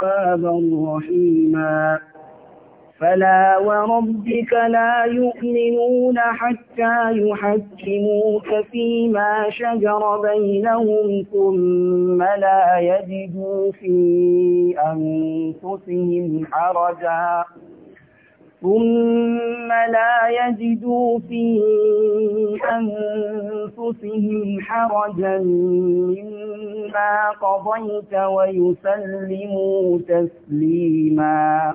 توابا رحيما فلا وربك لا يؤمنون حتى يحكموك فيما شجر بينهم ثم لا يجدوا في أنفسهم حرجا ثم لا يجدوا في أنفسهم حرجا مما قضيت ويسلموا تسليما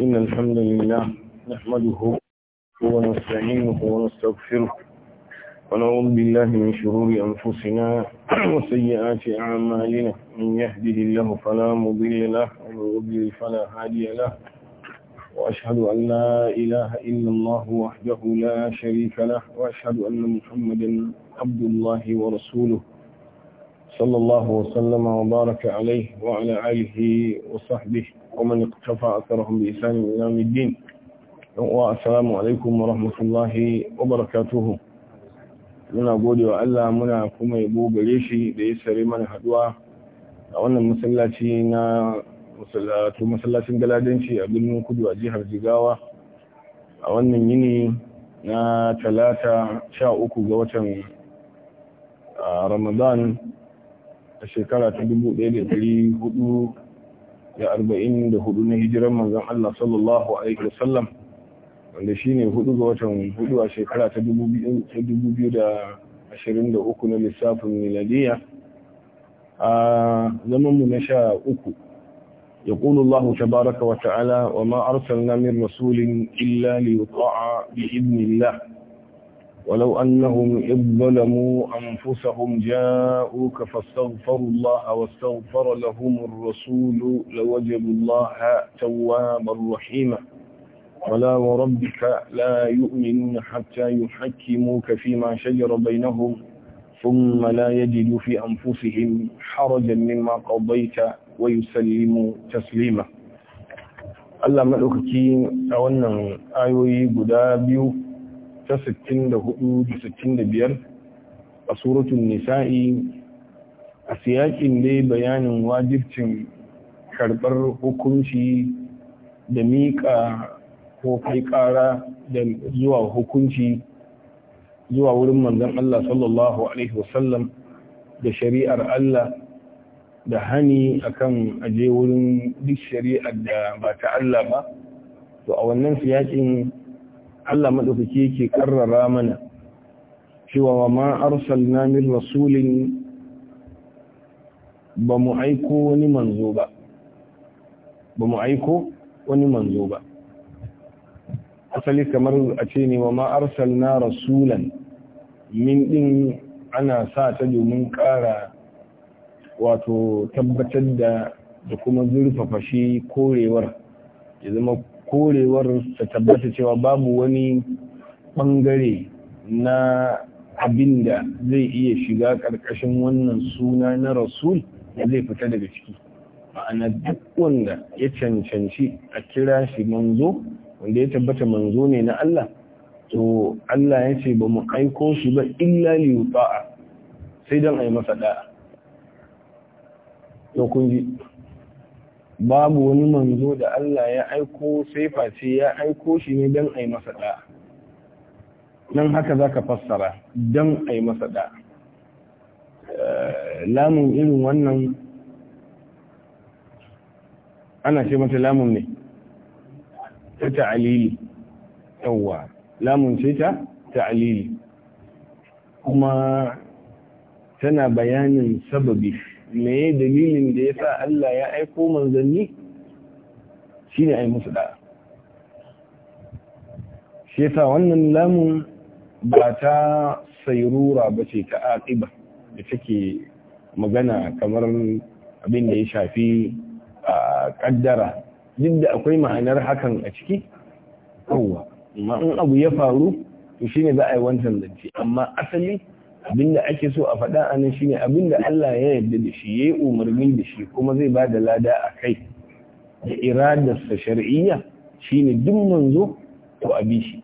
إن الحمد لله نحمده ونستعينه ونستغفره ونعوذ بالله من شرور أنفسنا وسيئات أعمالنا من يهده الله فلا مضل له ومن يضلل فلا هادي له وأشهد أن لا إله إلا الله وحده لا شريك له وأشهد أن محمدا عبد الله ورسوله صلى الله وسلم وبارك عليه وعلى آله وصحبه ومن اقتفى أثرهم بإسلام إلى الدين uwa assalamu alaikum wa rahmatullahi wa barakatuhu muna gode wa Allah muna kuma yabo gare shi da ya sare mana haduwa a wannan masallaci na masallatu masallacin galadanci a birnin kudu a jihar jigawa a wannan yini na talata sha uku ga watan ramadan a shekara ta dubu ɗaya da dari hudu da arba'in da hudu na hijiran manzon Allah sallallahu alaihi wasallam wanda shi ne hudu ga watan hudu a shekara ta 2023 na lissafin miladiya, a mu na sha uku ya kulu Allah wa ta'ala wa ma arsal namin rasulin illa li yuta'a bi ibnillah ولو أنهم إذ ظلموا أنفسهم جاءوك wa الله واستغفر لهم الرسول لوجب الله توابا رحيما ولا وربك لا يؤمنون حتى يحكموك فيما شجر بينهم ثم لا يجدوا في أنفسهم حرجا مما قضيت ويسلموا تسليما Allah maɗaukaki a wannan ayoyi guda biyu ta 64-65 a suratun nisa'i a siyakin dai bayanin wajibcin karɓar hukunci da miƙa ko kai ƙara da zuwa hukunci zuwa wurin manzon Allah sallallahu alaihi wasallam da shari'ar Allah da hani akan aje wurin duk shari'ar da ba ta Allah ba to a wannan siyakin Allah madaukake yake karrara mana cewa wa ma arsalna min rasulin ba mu aiko wani manzo ba ba mu aiko wani manzo ba asali kamar a ce ne wa ma na rasulan min ɗin ana sa ta domin ƙara wato tabbatar da da kuma zurfafa shi korewar ya zama korewar ta tabbata cewa babu wani ɓangare na abin da zai iya shiga ƙarƙashin wannan suna na rasul da zai fita daga ciki ma'ana duk wanda ya cancanci a kira shi manzo wanda ya tabbata manzo ne na Allah to Allah ya ce ba mu aiko shi ba illa li yuta'a sai dan ayi masa da'a to kun ji babu wani manzo da Allah ya aiko sai face ya aiko shi ne dan ayi masa da'a nan haka zaka fassara dan ayi masa da'a eh, lamun irin wannan ana ce mata lamun ne ta ta'alili yawwa lamun ce ta ta'alili kuma tana bayanin sababi me dalilin da ya sa Allah ya aiko manzanni shi ne a musu da'a shi ta wannan lamun ba ta sairura ba ce ta aƙiba da take magana kamar abin da ya shafi a ƙaddara duk da akwai ma'anar hakan a ciki kowa in abu ya faru to ne za a yi wancan zance amma asali abinda ake so a faɗa a nan shine abinda Allah ya yarda da shi ya yi umarni da shi kuma zai ba da lada a kai da iradarsa shar'iyya shine duk manzo to abi shi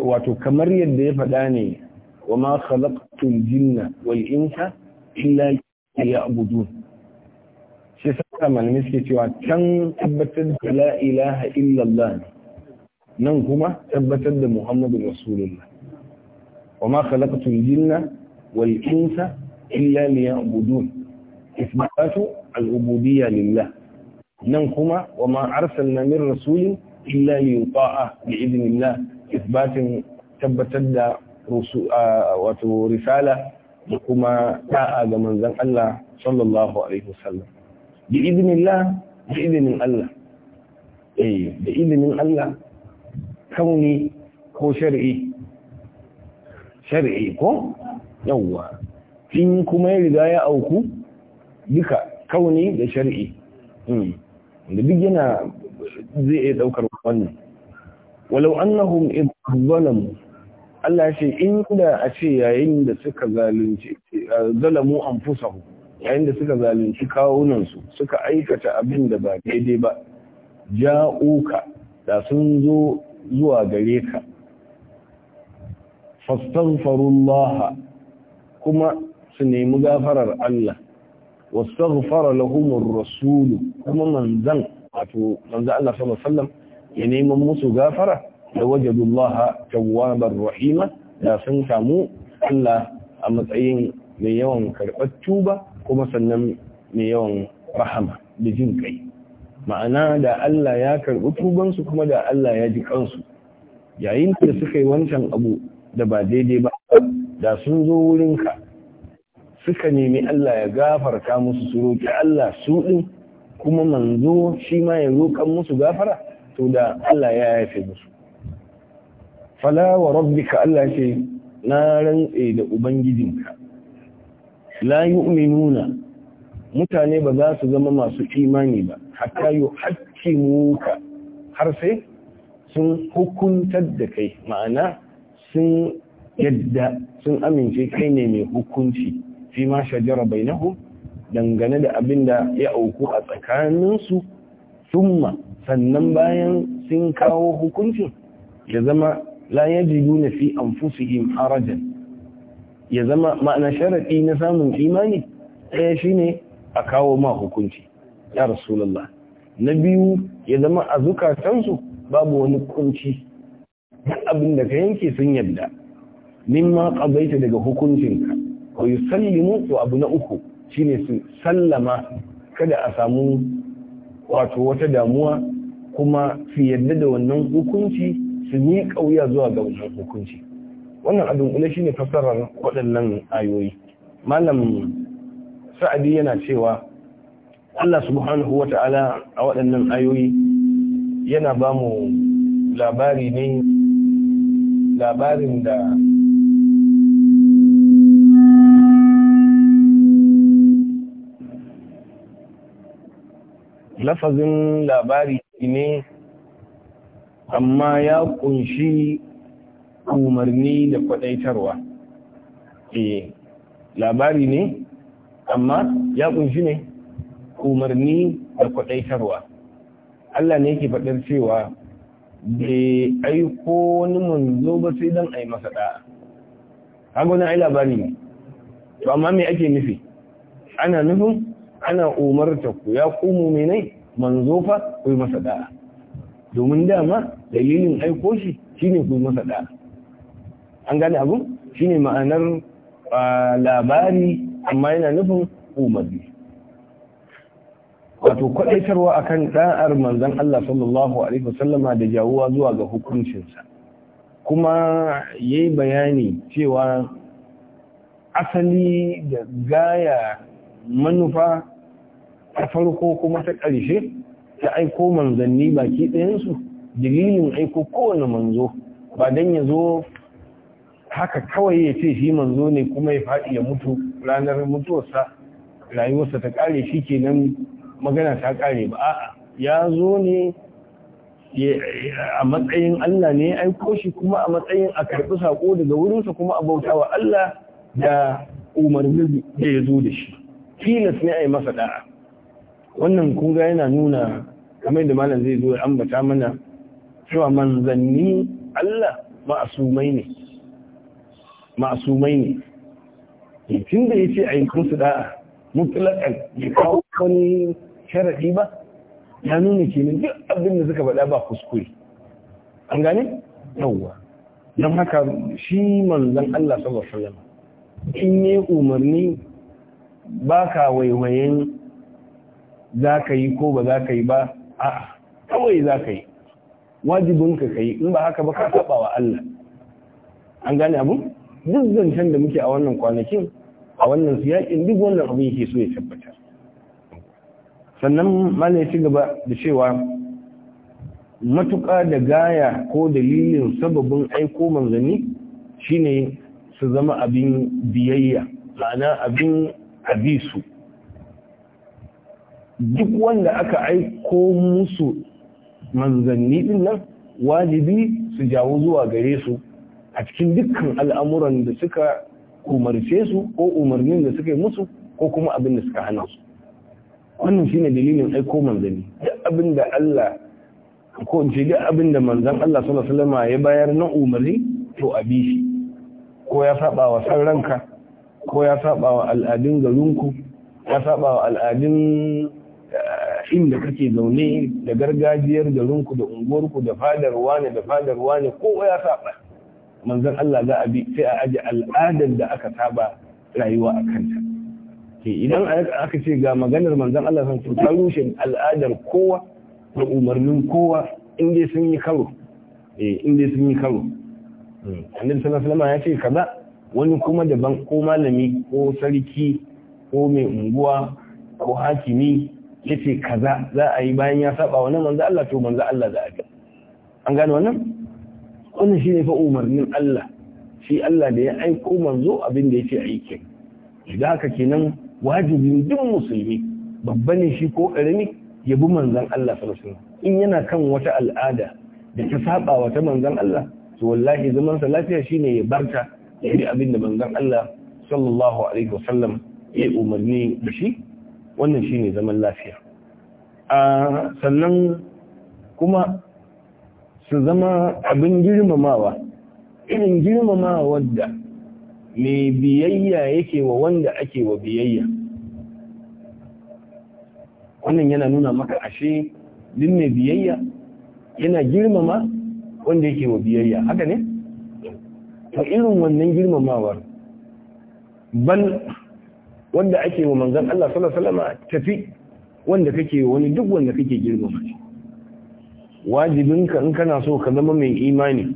wato kamar yadda ya faɗa ne wa ma khalaqtul jinna wal insa illa liya'budun ta malamai cewa can tabbatar da la ilaha illallah nan kuma tabbatar da muhammadu rasulullah wa ma khalaqatul jinna wal insa illa liya'budun isbatu al-ubudiyya lillah nan kuma wa ma arsalna min rasulin illa liyuta'a bi'idnillah isbatin tabbatar da wato risala da kuma ta'a ga manzon Allah sallallahu alaihi wasallam bi idinillah da izinin Allah eh da izinin Allah kauni ko shar'i shar'i ko yawa, tin kuma ya riga ya auku duka kauni da shar'i hmm. da duk yana zai iya daukar wannan walau annahum idzalamu Allah shi inda a ce yayin da suka zalunci eh, zalamu anfusahum yayin da suka zalunci kawunansu suka aikata abin da ba daidai ba ja'uka da sun zo zuwa gare ka fastaghfirullah kuma su nemi gafarar Allah wastaghfara ar rasul kuma manzan wato manzo Allah sallallahu alaihi wasallam ya neman musu gafara da wajadullah tawwabar rahima da sun samu Allah a matsayin mai yawan karɓar tuba kuma sannan mai yawan rahama da jin kai ma'ana da Allah ya karɓi tubansu kuma da Allah ya ji kansu yayin da suka yi wancan abu da ba daidai ba da sun zo wurinka suka nemi Allah ya gafarta musu su roƙi Allah su ɗin kuma manzo shi ma ya roƙan musu gafara to da Allah ya yafe musu fala wa rabbika Allah ce na rantse da ubangijinka la yu'minuna mutane ba za su zama masu imani ba hatta yuhaqqimuka har sai sun hukuntar da kai ma'ana sun yadda sun amince kai ne mai hukunci fi ma shajara bainahu dangane da abin da ya auku a tsakaninsu summa sannan bayan sun kawo hukuncin ya zama la yajidu na fi anfusihim harajan ya zama ma'ana sharaɗi na samun imani ɗaya shine a kawo ma hukunci ya rasulullah na biyu ya zama a zukatansu babu wani kunci duk abin da ka yanke sun yadda mimma qabaita daga hukuncinka ko yusallimu to abu na uku shine su sallama kada a samu wato wata damuwa kuma su yadda da wannan hukunci su yi wuya zuwa ga wannan hukunci wannan a dunkule shine fassarar waɗannan ayoyi malam sa'adi yana cewa Allah subhanahu wata'ala a waɗannan ayoyi yana ba mu labari ne labarin da lafazin labari ne amma ya kunshi umarni da kwadaitarwa eh labari ne amma ya kunshi ne umarni da kwadaitarwa Allah ne yake faɗar cewa bai aiko wani manzo ba sai dan ai masa da'a kaga wani ai labari ne to amma me ake nufi ana nufin ana umarta ku ya kumu menai manzo fa ku yi masa da'a domin dama dalilin aiko shi shine ku yi masa da'a an gane abu ne ma'anar labari amma yana nufin umarni wato kwadaitarwa kan ɗan'ar manzan Allah sallallahu alaihi wasallama da jawuwa zuwa ga hukuncinsa kuma ya yi bayani cewa asali da gaya manufa ta farko kuma ta ƙarshe ta aiko manzanni baki ɗayansu dalilin aiko kowane manzo ba don ya zo haka kawai ya ce shi manzo ne kuma ya faɗi ya mutu ranar mutuwarsa rayuwarsa ta ƙare shi kenan magana ta ƙare ba a'a ya zo ne a matsayin Allah ne ya aiko shi kuma a matsayin a karɓi saƙo daga wurinsa kuma a bauta wa Allah da umarni da ya zo da shi tilas ne a yi masa ɗa'a. wannan kun yana nuna kamar da malam zai zo ya ambata mana cewa manzanni Allah ma'asumai ne masumai ne eh, tun da ya ce a yi musu da'a mutlaƙan ya kawo wani sharaɗi ba ya nuna kenan duk abin da suka faɗa ba kuskure an gane yawwa don haka shi manzan Allah sallallahu alaihi wasallam in yi umarni ba ka waiwayen za ka yi ko ba za ka yi ba a kawai za ka yi wajibinka ka yi in ba haka ba ka saba wa Allah an gane abu duk zancen da muke a wannan kwanakin a wannan siyakin duk wannan abin yake so ya tabbata sannan mana ya ci gaba da cewa matuƙa da gaya ko dalilin sababin aiko manzanni shine su zama abin biyayya ma'ana abin abisu duk wanda aka aiko musu manzanni din nan wajibi su jawo zuwa gare su a cikin dukkan al'amuran da suka umarce su ko umarnin da suka yi musu ko kuma abin da suka hana su wannan shi ne dalilin aiko manzanni duk abin da Allah ko in duk abin da manzan Allah salama ya bayar na umarni to a bi shi ko ya saba wa san ranka ko ya saba wa al'adun garinku ya saba wa al'adun eh, inda kake zaune da gargajiyar garinku da unguwarku da fadar wane da fadar wane ko ya saba manzon Allah za a bi sai a aje al'adar da aka saba rayuwa a kanta ke idan aka ce ga maganar manzon Allah san ta rushe al'adar kowa da umarnin kowa in sun yi karo eh in sun yi karo hmm. annabi sallallahu alaihi wasallam ya ce kaza wani kuma daban ko malami ko sarki ko mai unguwa ko hakimi yace kaza za a yi bayan ya saba wannan manzo Allah to manzo Allah za a ga an gane wannan wannan shi ne fa umarnin Allah shi Allah da ya aiko manzo abin da ya ce aikin idan haka kenan wajibin duk musulmi babba ne shi ko karami ya bi manzon Allah sallallahu alaihi wasallam in yana kan wata al'ada da ta saba wa ta manzon Allah to wallahi zaman sa lafiya shine ya barta ya bi abin da manzon Allah sallallahu alaihi wasallam ya umarni da shi wannan shine zaman lafiya a ah, sannan kuma su zama abin girmamawa irin girmamawa wadda mai biyayya yake wa wanda ake wa biyayya wannan yana nuna maka ashe din mai biyayya yana girmama wanda yake wa biyayya haka ne? ta irin wannan girmamawar ban wanda ake wa manzan Allah sallallahu alaihi wasallam tafi wanda kake wani duk wanda kake girmama shi wajibinka in kana so ka zama mai imani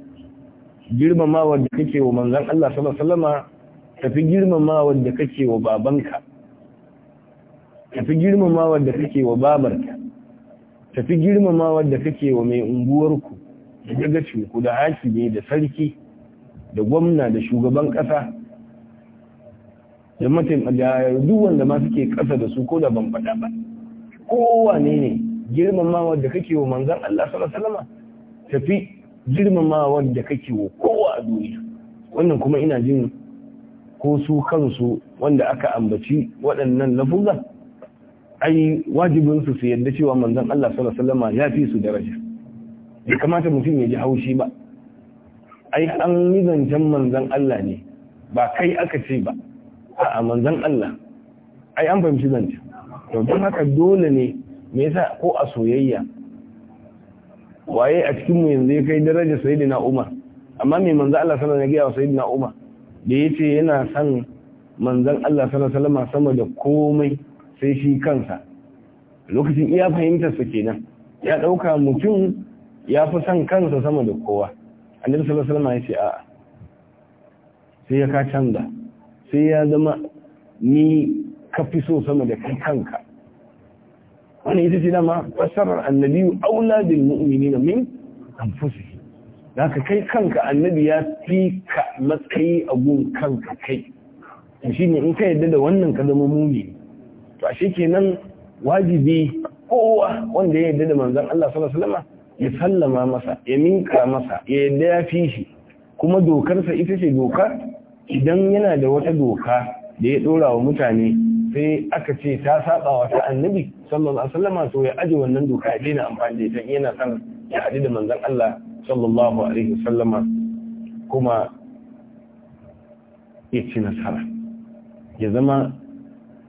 girmama da kake wa manzon Allah sallallahu alaihi wasallama tafi girmama da kake wa babanka tafi girmama da kake wa babarka tafi girmama da kake wa mai unguwarku da ku da ne da sarki da gwamna da shugaban kasa da duk wanda ma suke kasa da su ko da ban faɗa ba ne ne girmamawa da kake wa manzan Allah sallallahu tafi girmamawa da kake wa kowa a duniya wannan kuma ina jin ko su kansu wanda aka ambaci waɗannan lafuzan ai wajibin su yadda cewa manzan Allah sallallahu alaihi ya fi su daraja bai kamata mutum ya ji haushi ba ai an yi zancen manzon Allah ne ba kai aka ce ba a manzan Allah ai an fahimci zancen to don haka dole ne me yasa ko a soyayya waye a cikin mu yanzu ya kai daraja sayyidina Umar amma me manzo Allah sallallahu alaihi wasallam ya sayyidina Umar da yace yana son manzon Allah sallallahu alaihi wasallam sama da komai sai shi kansa lokacin iya fahimtar sa kenan ya dauka mutum ya fi son kansa sama da kowa annabi sallallahu alaihi wasallam ya ce a'a sai ya ka canza sai ya zama ni ka fi so sama da kai kanka wani ita ce dama fasarar annabi aula bil mu'minin min anfusihim zaka kai kanka annabi ya fi ka matsayi a gun kanka kai to shine in ka yadda da wannan ka zama mumini to ashe kenan wajibi kowa wanda ya yadda da manzon Allah sallallahu alaihi wasallam ya sallama masa ya minka masa ya yadda ya fi shi kuma dokarsa ita ce doka idan yana da wata doka da ya dora wa mutane sai aka ce ta saba wa ta annabi sallallahu alaihi wasallam to ya aje wannan doka ya daina amfani da ita yana san ya haɗu da manzon Allah sallallahu alaihi wasallam kuma ya ci nasara ya zama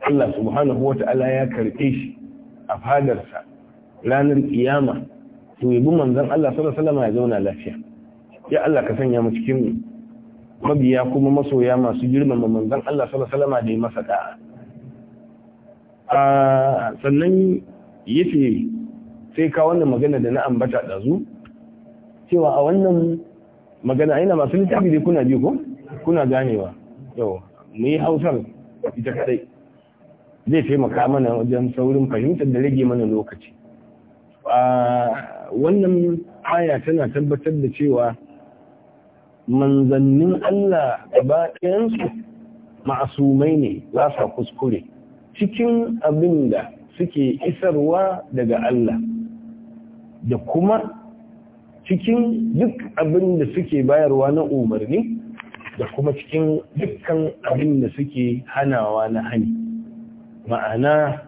Allah subhanahu wata'ala ya karɓe shi a fadarsa ranar kiyama to ya bi manzon Allah sallallahu alaihi wasallam ya zauna lafiya ya Allah ka sanya mu cikin mabiya kuma masoya masu girmama manzon Allah sallallahu alaihi wasallam da ya masa da'a a sannan yace sai ka wannan magana da na ambata ɗazu cewa a wannan magana ina masu littafi dai kuna biyu ko kuna ganewa yau mu yi hausar ita kadai zai taimaka mana wajen saurin fahimtar da rage mana lokaci wannan aya tana tabbatar da cewa manzannin Allah gaba ɗayansu ma'asumai ne za sa kuskure cikin abin da suke isarwa daga Allah da kuma cikin duk abin da suke bayarwa na umarni da kuma cikin dukkan abin da suke hanawa na hani ma'ana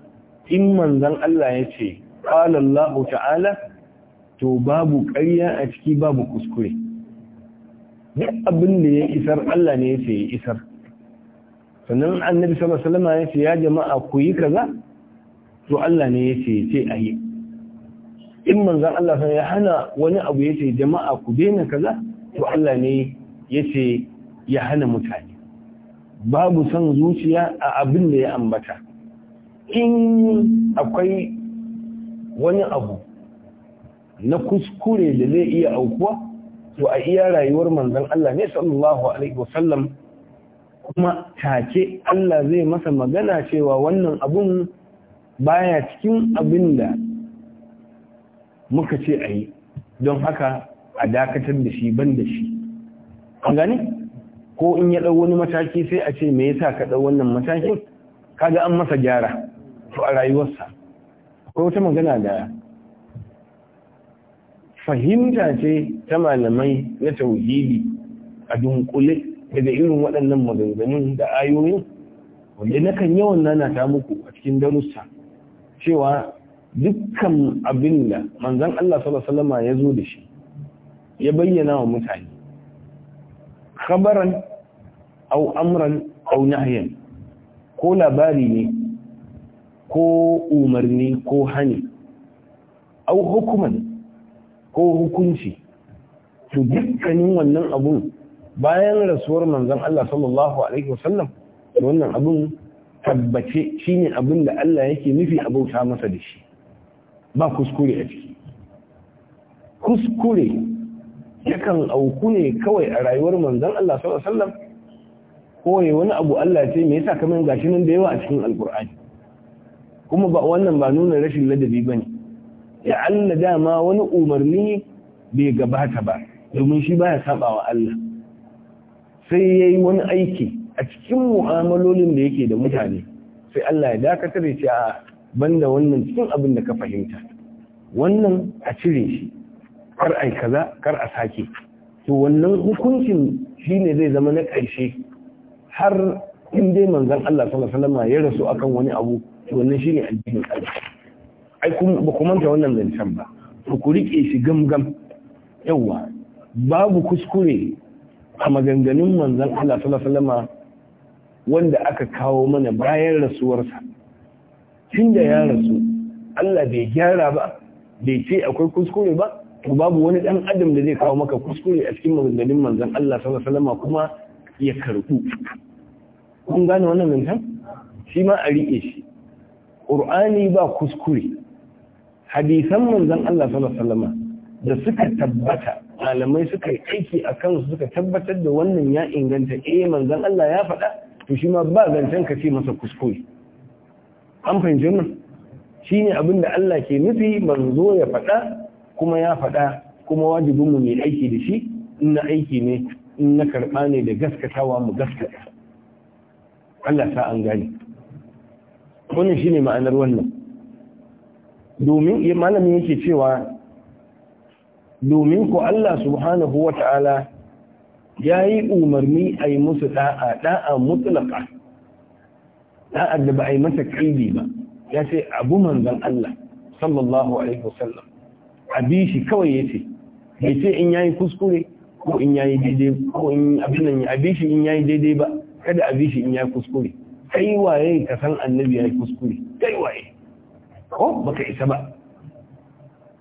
in manzan Allah ya ce ƙalallahu ta'ala to babu ƙarya a ciki babu kuskure duk abin da ya isar Allah ne ya ce ya isar sannan annabi sallallahu alaihi wasallam ya ce ya jama'a ku yi kaza to Allah ne ya ce ce yi' in manzan Allah sai ya hana wani abu ya ce jama'a ku daina kaza to Allah ne ya ce ya hana mutane babu son zuciya a abin da ya ambata in akwai wani abu na kuskure da zai iya aukuwa to a iya rayuwar manzon Allah ne sallallahu alaihi wasallam kuma take Allah zai masa magana cewa wannan abun baya cikin abin da muka ce a yi don haka a dakatar da shi ban da shi an gani ko in ya ɗau wani mataki sai a ce me yasa ka ɗau wannan matakin kaga an masa gyara to a rayuwarsa akwai wata magana da fahimta ce ta malamai na tauhidi a dunkule daga irin waɗannan maganganun da ayoyin wanda nakan yawan nana ta muku a cikin darussa cewa dukkan abin da manzan Allah sallama ya zo da shi ya bayyana wa mutane khabaran au amran au nahyan ko labari ne ko umarni ko hani au hukuman ko hukunci to dukkanin wannan abun bayan rasuwar manzon Allah sallallahu alaihi wasallam wannan abun tabbace ne abin da Allah yake nufi a bauta masa da shi ba kuskure a ciki kuskure yakan auku ne kawai a rayuwar manzon Allah sallallahu alaihi wasallam koyi wani abu Allah ce mai yasa kamar gashi nan da yawa a cikin alkur'ani kuma ba wannan ba nuna rashin ladabi ba ne. ya Allah dama wani umarni bai gabata ba domin shi baya sabawa Allah sai ya yi wani aiki a cikin mu'amalolin da yake da mutane sai Allah ya dakatar ya ce a banda wannan cikin abin da ka fahimta wannan a cire shi kar ai kaza kar a sake to wannan hukuncin shine zai zama na ƙarshe har in dai manzon Allah sallallahu alaihi wasallam ya rasu akan wani abu to wannan shine addinin ƙarshe ai kun ba ku manta wannan zancen ba ku rike shi gamgam yawa babu kuskure a maganganun manzan Allah sallallahu wanda aka kawo mana bayan rasuwarsa tun da ya rasu Allah bai gyara ba bai ce akwai kuskure ba to babu wani dan adam da zai kawo maka kuskure a cikin maganganun manzan Allah sallallahu kuma ya karbu kun gane wannan mintan shi ma a rike shi qur'ani ba kuskure hadisan manzan Allah sallallahu da suka tabbata malamai suka yi aiki a kansu suka tabbatar da wannan ya inganta eh manzon Allah ya faɗa to shi ma ba zancen ka ce masa kuskure an fahimci wannan ne abin da Allah ke nufi manzo ya faɗa kuma ya faɗa kuma wajibin mu mai aiki da shi in na aiki ne in na karɓa ne da gaskatawa mu gaskata Allah sa an gane wannan ne ma'anar wannan domin malamin yake cewa domin ku Allah subhanahu wa ta'ala ya yi umarni a yi musu ɗa'a ɗa'a mutulaka ɗa'a da ba a yi masa kaidi ba ya ce abu manzan Allah sallallahu alaihi wasallam abi shi kawai ya ce bai ce in yayi kuskure ko in yayi daidai ko in abin nan abi shi in yayi daidai ba kada abi shi in yayi kuskure kai waye ka san annabi yayi kuskure kai waye ko baka isa ba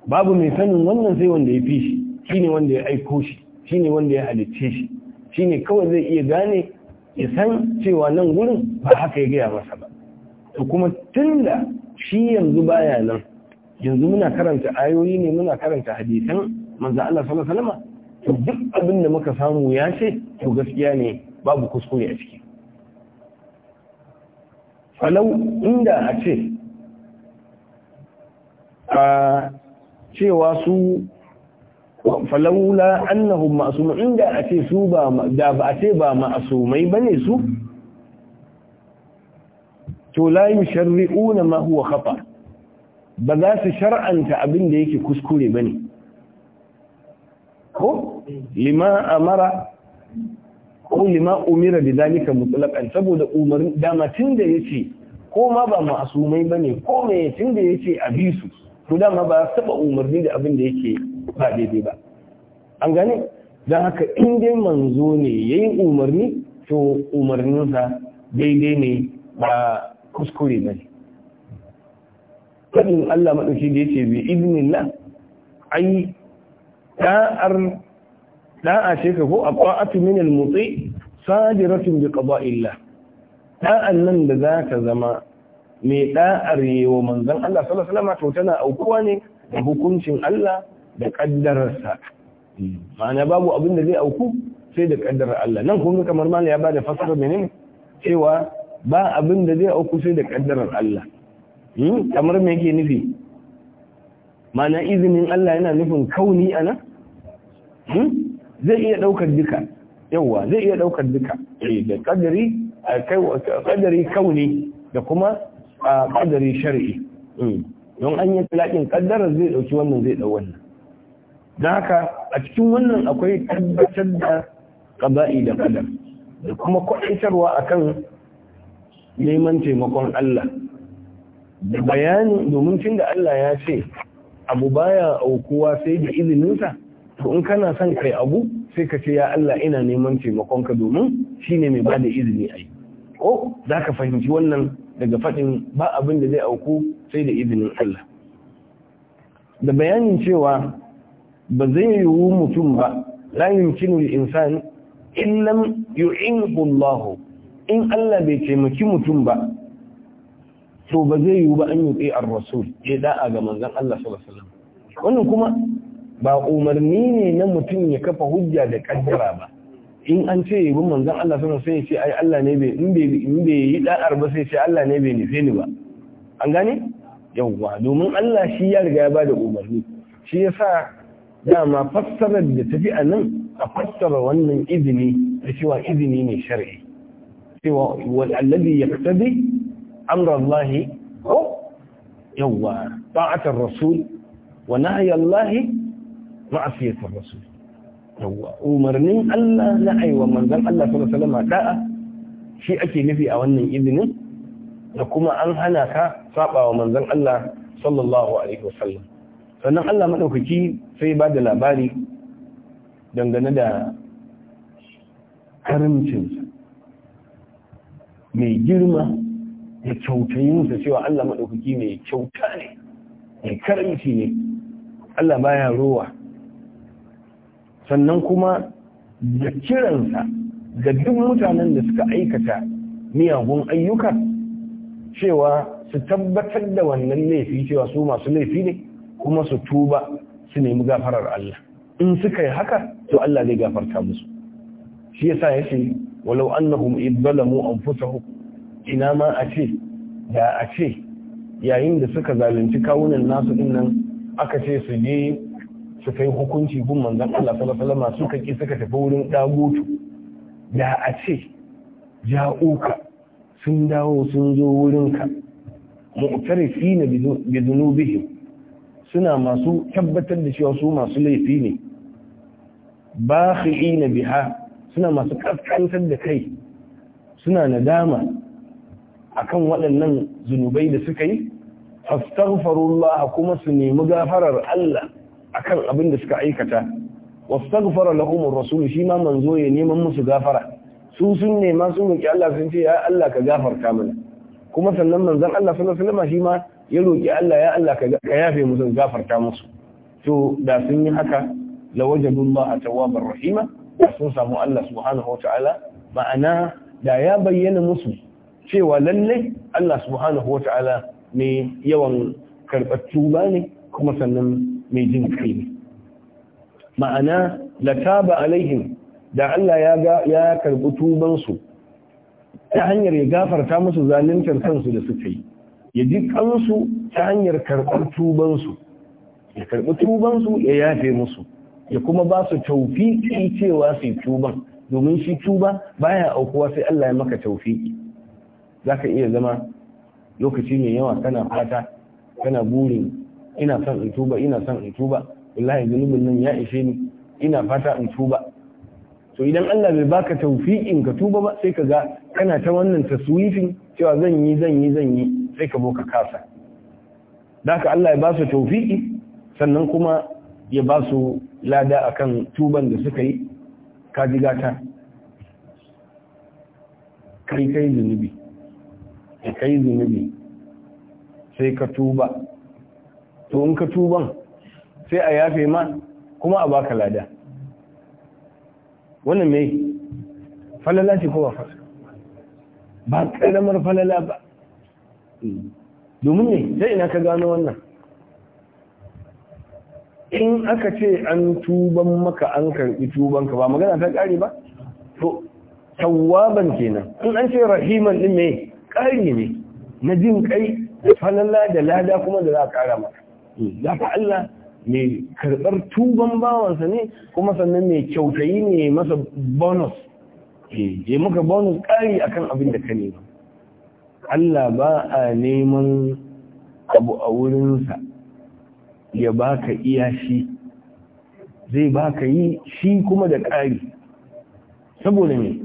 babu mai sanin wannan sai wanda ya fi shi shi ne wanda ya aiko shi shi ne wanda ya halicce shi shi ne kawai zai iya gane ya san cewa nan gurin ba haka ya gaya masa ba to kuma da shi yanzu baya nan yanzu muna karanta ayoyi ne muna karanta hadisan manzo Allah sallallahu alaihi wasallam to duk abin da muka samu ya ce to gaskiya ne babu kuskure a ciki falau inda a ce cewa su Falawula, annahum masu inda a ce su ba da ba a ce ba ma'sumai bane su to la yusharri'una ma huwa khata ba za su shar'anta abin da yake kuskure bane ko lima amara ko lima umira bi zalika mutlaqan saboda umarin dama tun da yace ko ma ba ma'sumai bane ko me tun yace a bisu to dama ba saba umarni da abin da yake ba daidai ba an gane don haka in dai manzo ne yayi umarni to umarninsa daidai ne ba kuskure ba ne faɗin Allah madauki da yake bi iznillah ai da da'a ce ka ko a min al-mutsi sadiratun bi qada'illah nan da zaka zama mai da'ar arewa manzon Allah sallallahu alaihi wasallam to tana aukuwa ne da hukuncin Allah da kaddararsa ma'ana babu abin da zai auku sai da kaddarar Allah nan kun ga kamar mal ya da fasara menene cewa ba abin da zai auku sai da kaddarar Allah hmm? kamar me yake nufi ma'ana izinin Allah yana nufin kauni ana hmm? zai iya daukar duka yawa zai iya daukar duka eh, da kadari kai kadari kauni da kuma a kadari shari'i hmm. don an yi tilakin zai dauki wannan zai dau wannan don haka a cikin wannan akwai tabbatar da ƙaba'i da kadar da kuma a kan neman taimakon Allah da bayani domin tun da Allah ya ce abu baya aukuwa sai da izininsa to in kana son kai abu sai ka ce ya Allah ina neman taimakonka domin shine mai bada izini ai ko za ka fahimci wannan daga faɗin ba abin da zai auku sai da izinin Allah da bayanin cewa ba zai yiwu mutum ba la yumkinu insan in lam yu'inhu Allah in Allah bai taimaki mutum ba to ba zai yiwu ba an yi ar-rasul ya da'a ga manzon Allah sallallahu alaihi wasallam wannan kuma ba umarni ne na mutum ya kafa hujja da kaddara ba in an ce yabin manzon Allah sallallahu sai ya sai ce ai Allah ne bai in bai in be yi da'ar ba sai ce Allah ne bai nufe ni ba an gane yawwa domin Allah shi ya riga ya da umarni shi yasa dama fassarar da tafi a nan a fassara wannan izini da cewa izini ne shar'i cewa wal alladhi yaqtadi amra Allah ko yawwa ta'atar rasul wa nahya Allah ma'asiyatar rasul yawwa umarnin Allah na aiwa manzon Allah sallallahu alaihi wasallam shi ake nufi a wannan izinin da kuma an hana ka wa manzon Allah sallallahu alaihi wasallam sannan Allah madaukaki sai ba da labari dangane da karimcinsa mai girma da kyautayinsa cewa Allah maɗaukaki mai kyauta ne mai karimci ne Allah baya rowa sannan kuma da kiransa ga duk mutanen da suka aikata miyagun ayyuka cewa su tabbatar da wannan laifi cewa su masu laifi ne kuma su tuba su nemi gafarar Allah in suka yi haka to Allah zai gafarta musu shi yasa yace walau annahum idzalamu anfusahum ina ma a ce da a ce yayin da suka zalunci kawunan nasu dinnan aka ce su je suka yi hukunci bin manzan Allah sallallahu alaihi wasallam suka ki suka tafi wurin dagutu da a ce uka, sun dawo sun zo wurin ka. wurinka na bi dhunubihim suna masu tabbatar da cewa su masu laifi ne Ba na biha suna masu kaskantar da kai suna nadama akan waɗannan zunubai da suka yi fastaghfirullah kuma su nemi gafarar Allah akan abin da suka aikata wastaghfara lahum ar-rasul shi ma manzo ya neman musu gafara su sun nema sun roki Allah sun ce ya Allah ka gafarta mana kuma sannan manzon Allah sallallahu alaihi wasallam shi ma ya roki Allah ya Allah ka yafe musu gafarta musu to da sun yi haka lawajadullaha tawwabar rahima sun samu Allah subhanahu wataala ma'ana da ya bayyana musu cewa lalle Allah subhanahu wataala ne yawan karɓar ba ne kuma sannan mai jin kai ne ma'ana lataba alaihim da Allah ya ga ya karbi tuban su ta hanyar ya gafarta musu zaluntar kansu da suka yi ya ji kansu ta hanyar karɓar tuban ya karɓi tubansu ya yafe musu ya kuma ba su taufiki cewa su tuban domin shi tuba baya aukuwa sai Allah ya maka Za zaka iya zama lokaci mai yawa kana fata kana burin ina son in tuba ina son in tuba wallahi zunubin nan ya ishe ni ina fata in tuba to idan Allah bai baka tawfiqin ka tuba ba sai ka ga kana ta wannan taswifin cewa zan yi zan yi zan yi sai ka boka kasa daka Allah ya ba su tawfiqi sannan kuma ya ba su lada akan tuban da suka yi kaji gata kai kai zunubi kai zunubi sai ka tuba to in ka tuban sai a yafe ma kuma a baka lada wannan mai falala ce kowa fasa ba karamar falala ba domin ne sai ina ka gano wannan in aka ce an tuban maka an karbi tubanka ba magana ta kare ba to tawaban kenan in an ce rahiman din me kare ne na jin kai falala da lada kuma da za a kara maka Ya fi Allah mai karɓar tuban bawansa ne kuma sannan mai kyautayi ne masa bonus eh, je maka bonus ƙari akan abin da ka nema Allah ba a neman abu a wurinsa ya baka iya shi zai baka yi shi kuma da ƙari saboda ne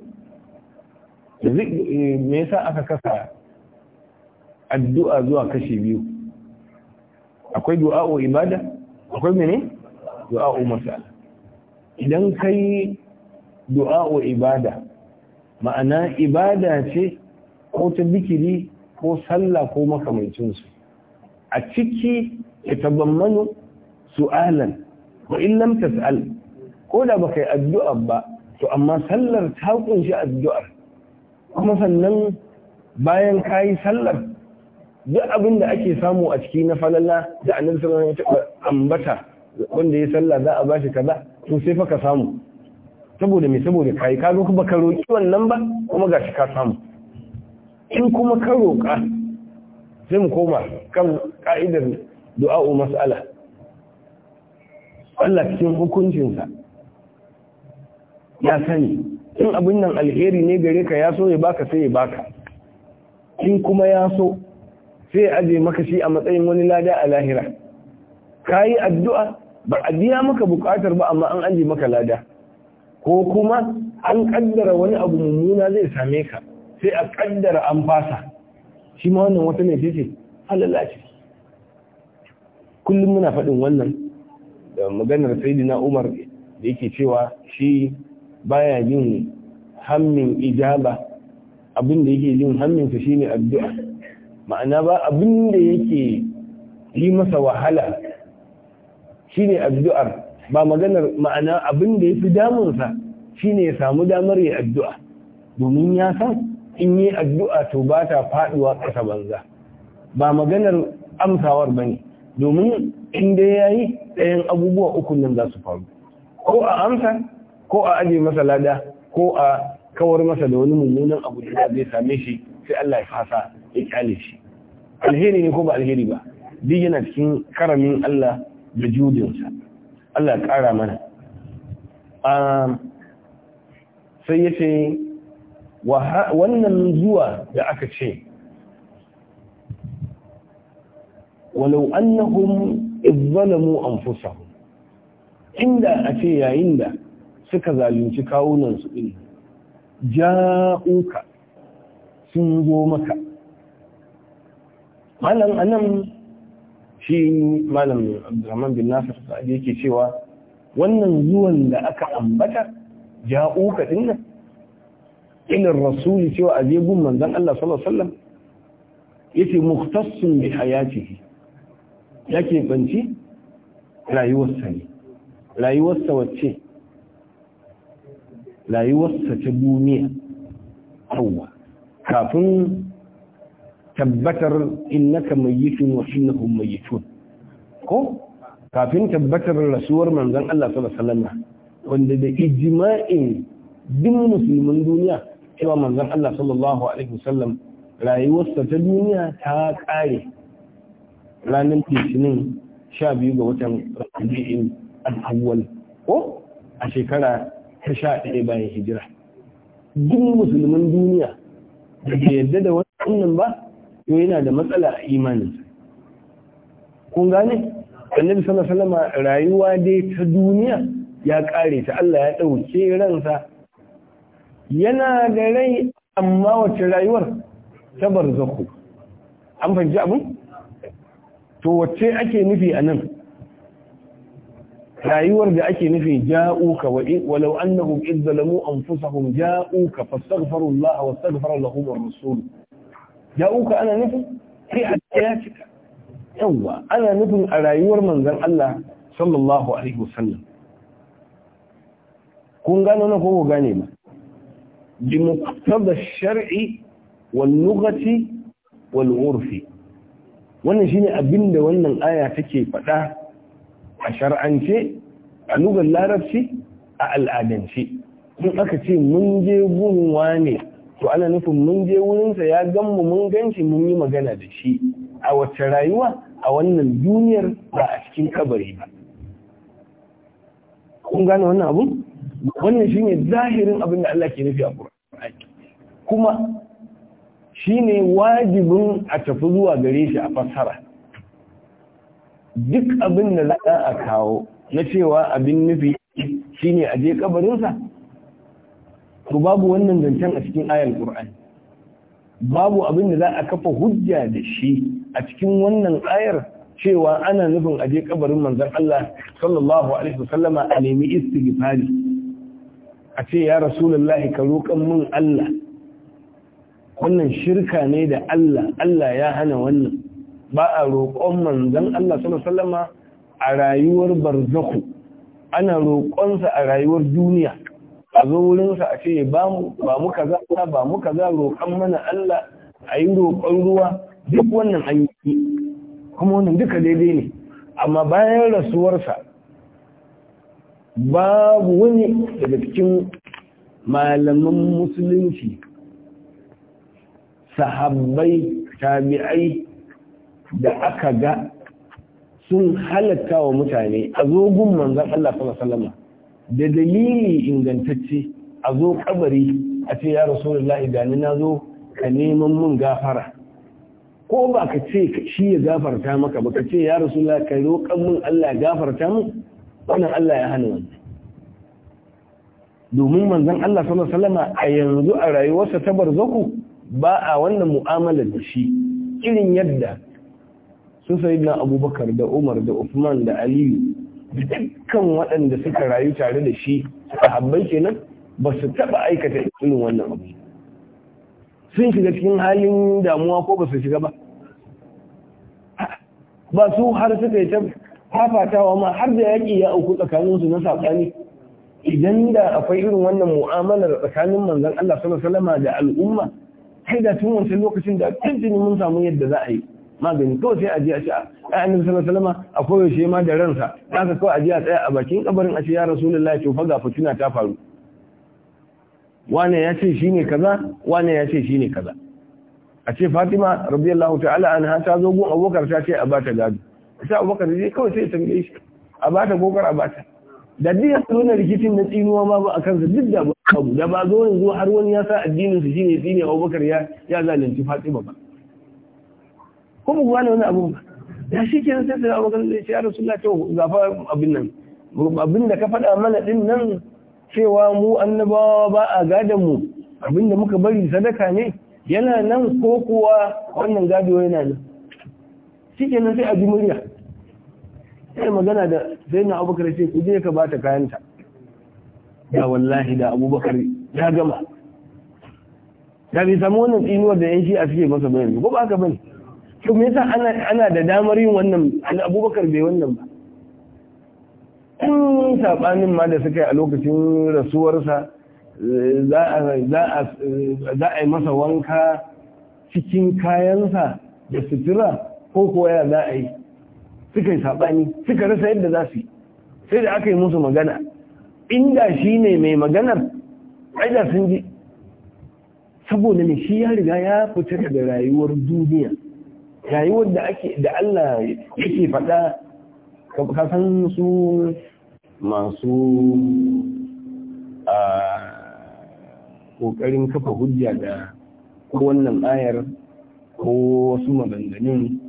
eh, me yasa aka kasa addu'a zuwa kashi biyu akwai du'a'u ibada akwai mene du'a'u masala idan kai du'a'u ibada ma'ana ibada ce ko ta bikiri ko sallah ko makamancinsu a ciki ya tabammanu su'alan ko in lam tas'al ko da baka yi addu'a ba to amma sallar ta kunshi addu'ar kuma sannan bayan kayi sallar duk abin da ake samu a ciki na falalla da annabi sallallahu alaihi wasallam ambata wanda ya sallah za a bashi kaza to sai fa ka samu saboda me saboda kai ka zo ba ka roki wannan ba kuma gashi ka samu in kuma ka roka sai mu koma kan ka'idar o mas'ala Allah cikin hukuncinsa ya sani in abin nan alheri ne gare ka ya so ya baka sai ya baka in kuma ya so sai ya aje maka shi a matsayin wani lada a lahira ka yi addu'a ba a biya maka bukatar ba amma an aje maka lada ko kuma an kaddara wani abu mummuna zai same ka sai a kaddara an fasa shi ma wannan wata ne ce halala kullum muna faɗin wannan da maganar saidina umar da yake cewa shi baya yin hammin ijaba abinda da yake yin hamminsa shine addu'a ma'ana ba abin da yake yi masa wahala shine addu'ar ba maganar ma'ana abin da ya fi damunsa shine ya samu damar ya addu'a domin ya san in yi addu'a to ba ta faduwa ƙasa banza ba maganar amsawar ba ne domin in dai yi ɗayan abubuwa uku nan za su faru ko a amsa ko a aje masa lada ko a kawar masa da wani mummunan abu da zai same shi sai Allah ya fasa ya kyale shi alheri ne ko ba alheri ba duk yana cikin karamin Allah da judinsa Allah ya kara mana sai ya ce wannan zuwa da aka ce walau annahum izzalamu anfusahum inda a ce yayin da suka zalunci kawunan su ɗin ja'uka sun zo maka malam anan shi malam abdurrahman bin nasir sa'adi yake cewa wannan zuwan da aka ambata ja'uka dinnan ilin rasuli cewa a je gun manzon Allah sallallahu alaihi wasallam yace mukhtassun bi hayatihi yake banci rayuwarsa ne rayuwarsa wacce rayuwarsa ta duniya yawa kafin tabbatar innaka mayyitun wa innahum mayyitun ko kafin tabbatar rasuwar manzon Allah sallallahu alaihi wasallam wanda da ijma'in duk musulmin duniya cewa manzon Allah sallallahu alaihi wasallam rayuwarsa ta duniya ta kare ranar litinin sha biyu ga watan rabi'in al-awwal ko a shekara ta sha ɗaya bayan hijira duk musulmin duniya da bai yadda da wannan ba yau yana da matsala a imaninsa kun gane annabi sallallahu alaihi rayuwa dai ta duniya ya kare ta Allah ya dauke ransa yana da rai amma wace rayuwar ta barzakhu an fahimci abin to wacce ake nufi a nan rayuwar da ake nufi ja'uka wa walau annahum idh zalamu anfusahum ja'uka fastaghfiru Allah wa astaghfara lahum ar-rasul ja'uka ana nufin sai a cika yawa ana nufin a rayuwar manzon Allah sallallahu alaihi wasallam kun gano na ko gane ba bi muqtada shar'i wal lughati wal urfi wannan shine abinda wannan aya take faɗa a shar'ance a lugar larabci a al'adance in aka ce mun je gunwa ne to ana nufin mun je wurinsa ya ganmu mun ganci mun yi magana da shi a wacce rayuwa a wannan duniyar ba a cikin kabari ba kun gane wannan abun wannan shine zahirin abin da Allah ke nufi a Qur'ani kuma shine wajibin a tafi zuwa gare shi a fassara duk abin da za a kawo na cewa abin nufi shi ne a je kabarinsa to babu wannan zancen a cikin ayar qur'ani babu abin da za a kafa hujja da shi a cikin wannan ayar cewa ana nufin a je kabarin manzan Allah sallallahu alaihi wasallama a nemi istighfari a ce ya rasulullahi ka roƙon min Allah wannan shirka ne da Allah Allah ya hana wannan ba a roƙon manzon Allah sallallahu alaihi a rayuwar barzaku ana roƙonsa a rayuwar duniya a zo wurinsa a ce ba mu ba mu kaza ba mu kaza roƙon mana Allah a yi roƙon ruwa duk wannan an kuma wannan duka daidai ne amma bayan rasuwarsa babu wani daga cikin malaman musulunci sahabbai tabi'ai da aka ga sun halatta wa mutane a zo gun manzan Allah sallama da dalili ingantacce a zo kabari a ce ya rasulullah idan na zo ka neman mun gafara ko ba ka ce shi ya gafarta maka ba ka ce ya rasulullah ka roƙon mun Allah ya gafarta mun wannan Allah ya hana wanda domin manzan Allah sallama a yanzu a rayuwarsa ta barzaku ba a wannan mu'amalar da shi irin yadda Sun sayi na abubakar da umar da usman da aliyu dukkan waɗanda suka rayu tare da shi sahabbai kenan ba su taɓa aikata irin wannan abu sun shiga cikin halin damuwa ko ba su shiga ba ba su har suka yi ta fafatawa ma har da yaƙi ya auku tsakaninsu na saɓani idan da akwai irin wannan mu'amalar tsakanin manzan Allah sallallahu alaihi da al'umma sai da tun wancan lokacin da kanti mun samu yadda za a yi magani kawai sai ajiya ji a annabi sallallahu alaihi wasallam a shi ma da ransa haka kawai ajiya tsaya a bakin kabarin a ce ya rasulullahi to fa ga fitina ta faru wane ya ce shine kaza wane ya ce shine kaza a ce Fatima radiyallahu ta'ala anha ta zo gun abokar ta ce a bata gado sai Abubakar je kawai sai tambaye shi a bata gogar a bata da diya tsona rikicin na tsinuwa ma ba a kansa duk da ba da ba zo yanzu har wani ya sa addinin su shine shine Abubakar ya ya zalunci Fatima ba ko mu gane wani abun ba ya shi ke sai da abokan da ya rasulullah to ga zafa abin nan abin da ka faɗa mana din nan cewa mu annabawa ba a gadan mu abin da muka bari sadaka ne yana nan ko kuwa wannan gado yana nan shi nan sai a ji murya sai magana da sai na abubakar ce ku je ka ba ta kayanta ya wallahi da abubakar ya gama da bai samu wannan tsinuwar da yan shi a suke masa bayan ko ba ka bane to me yasa ana ana da damar yin wannan abubakar bai wannan ba kun sabanin ma da suka yi a lokacin rasuwarsa eh, eh, za a yi masa wanka cikin kayansa da sutura ko kuwa ya za a yi suka yi sabani suka rasa yadda za su yi sai da aka yi musu magana inda shi ne mai maganar aida sun ji saboda ne shi ya riga ya fita daga rayuwar duniya rayuwar da ake da Allah yake faɗa ka san su masu a ƙoƙarin kafa hujja da ko wannan ayar ko wasu maganganun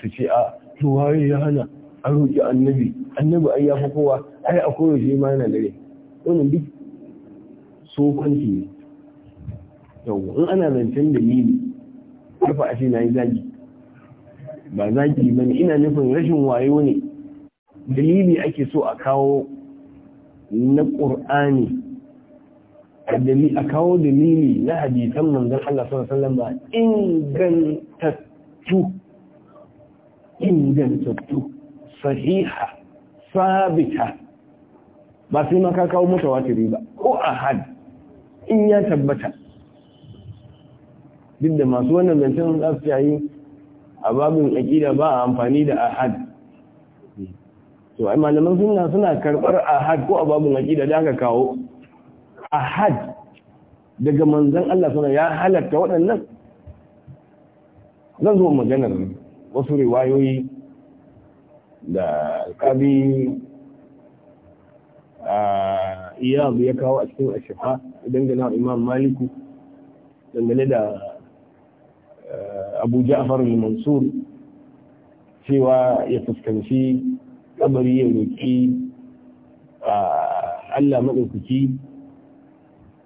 su ce a tuwaye ya hana a roƙi annabi annabi ai ya fi kowa ai a shi ma yana dare wannan duk sokanci ne yau in ana zancen dalili kafa ashe na yi zagi ba zaki ba ne ina nufin rashin wayo ne dalili ake so a kawo na ƙur'ani a kawo dalili na hadisan manzon Allah sallallahu ba ingantattu ingantattu sahiha sabita ba sai ma ka kawo watiri ba ko ahad in ya tabbata duk da masu wannan zancen za su yayi a babin aƙida ba a amfani da ahad to ai malaman sunna suna karɓar ahad ko a babin aƙida da aka kawo ahad daga manzan Allah suna ya halatta waɗannan zan zo maganar wasu riwayoyi da kabi iya ya kawo a cikin ashifa dangane imam maliku dangane da abu ja'far al-mansur cewa ya fuskanci kabari ya roƙi Allah madaukaki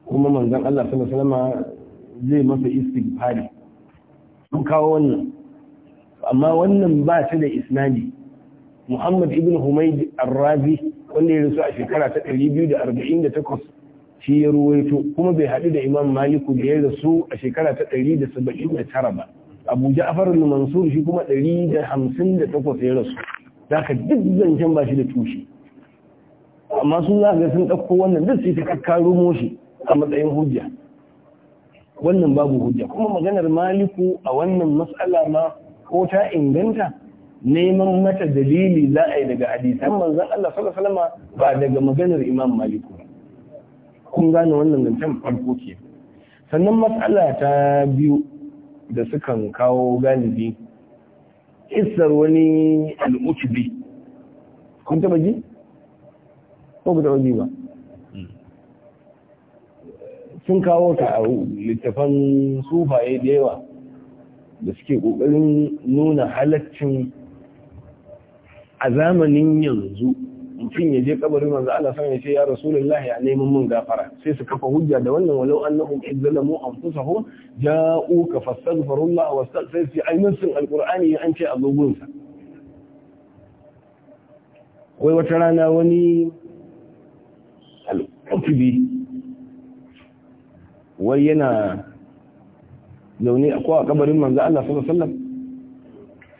kuma manzon Allah sallallahu alaihi wasallam zai masa istighfari mun kawo wannan amma wannan ba shi da isnadi Muhammad ibn Humayd Ar-Razi wanda ya rusu a shekara ta 248 shi ya ruwaito kuma bai haɗu da Imam Maliku da ya rasu a shekara ta 179 ba abu ja'far al-mansur shi kuma 158 ya rasu daga duk zancen ba shi da tushe amma sun za ga sun ɗauko wannan duk sai ta kakkaro moshi a matsayin hujja wannan babu hujja kuma maganar maliku a wannan matsala ma ko ta inganta neman mata dalili za a yi daga hadisan manzon Allah sallallahu alaihi wasallam ba daga maganar imam maliku kun gane wannan zancen farko ke sannan matsala ta biyu da sukan kawo galibi isar wani al'utubi kun taba ji? ko ba taba ji ba sun kawo ta a littafan sufaye da yawa da suke ƙoƙarin nuna halaccin a zamanin yanzu mutum ya je kabarin manzo Allah san ya ce ya rasulullah ya neman mun gafara sai su kafa hujja da wannan walau annahum izzalamu anfusahum ja'uka fastaghfirullah wastaghfir fi aynasin alqur'ani an ce azo gunsa wai wata rana wani alƙutubi wai yana zaune a kowa kabarin manzo Allah sallallahu alaihi wasallam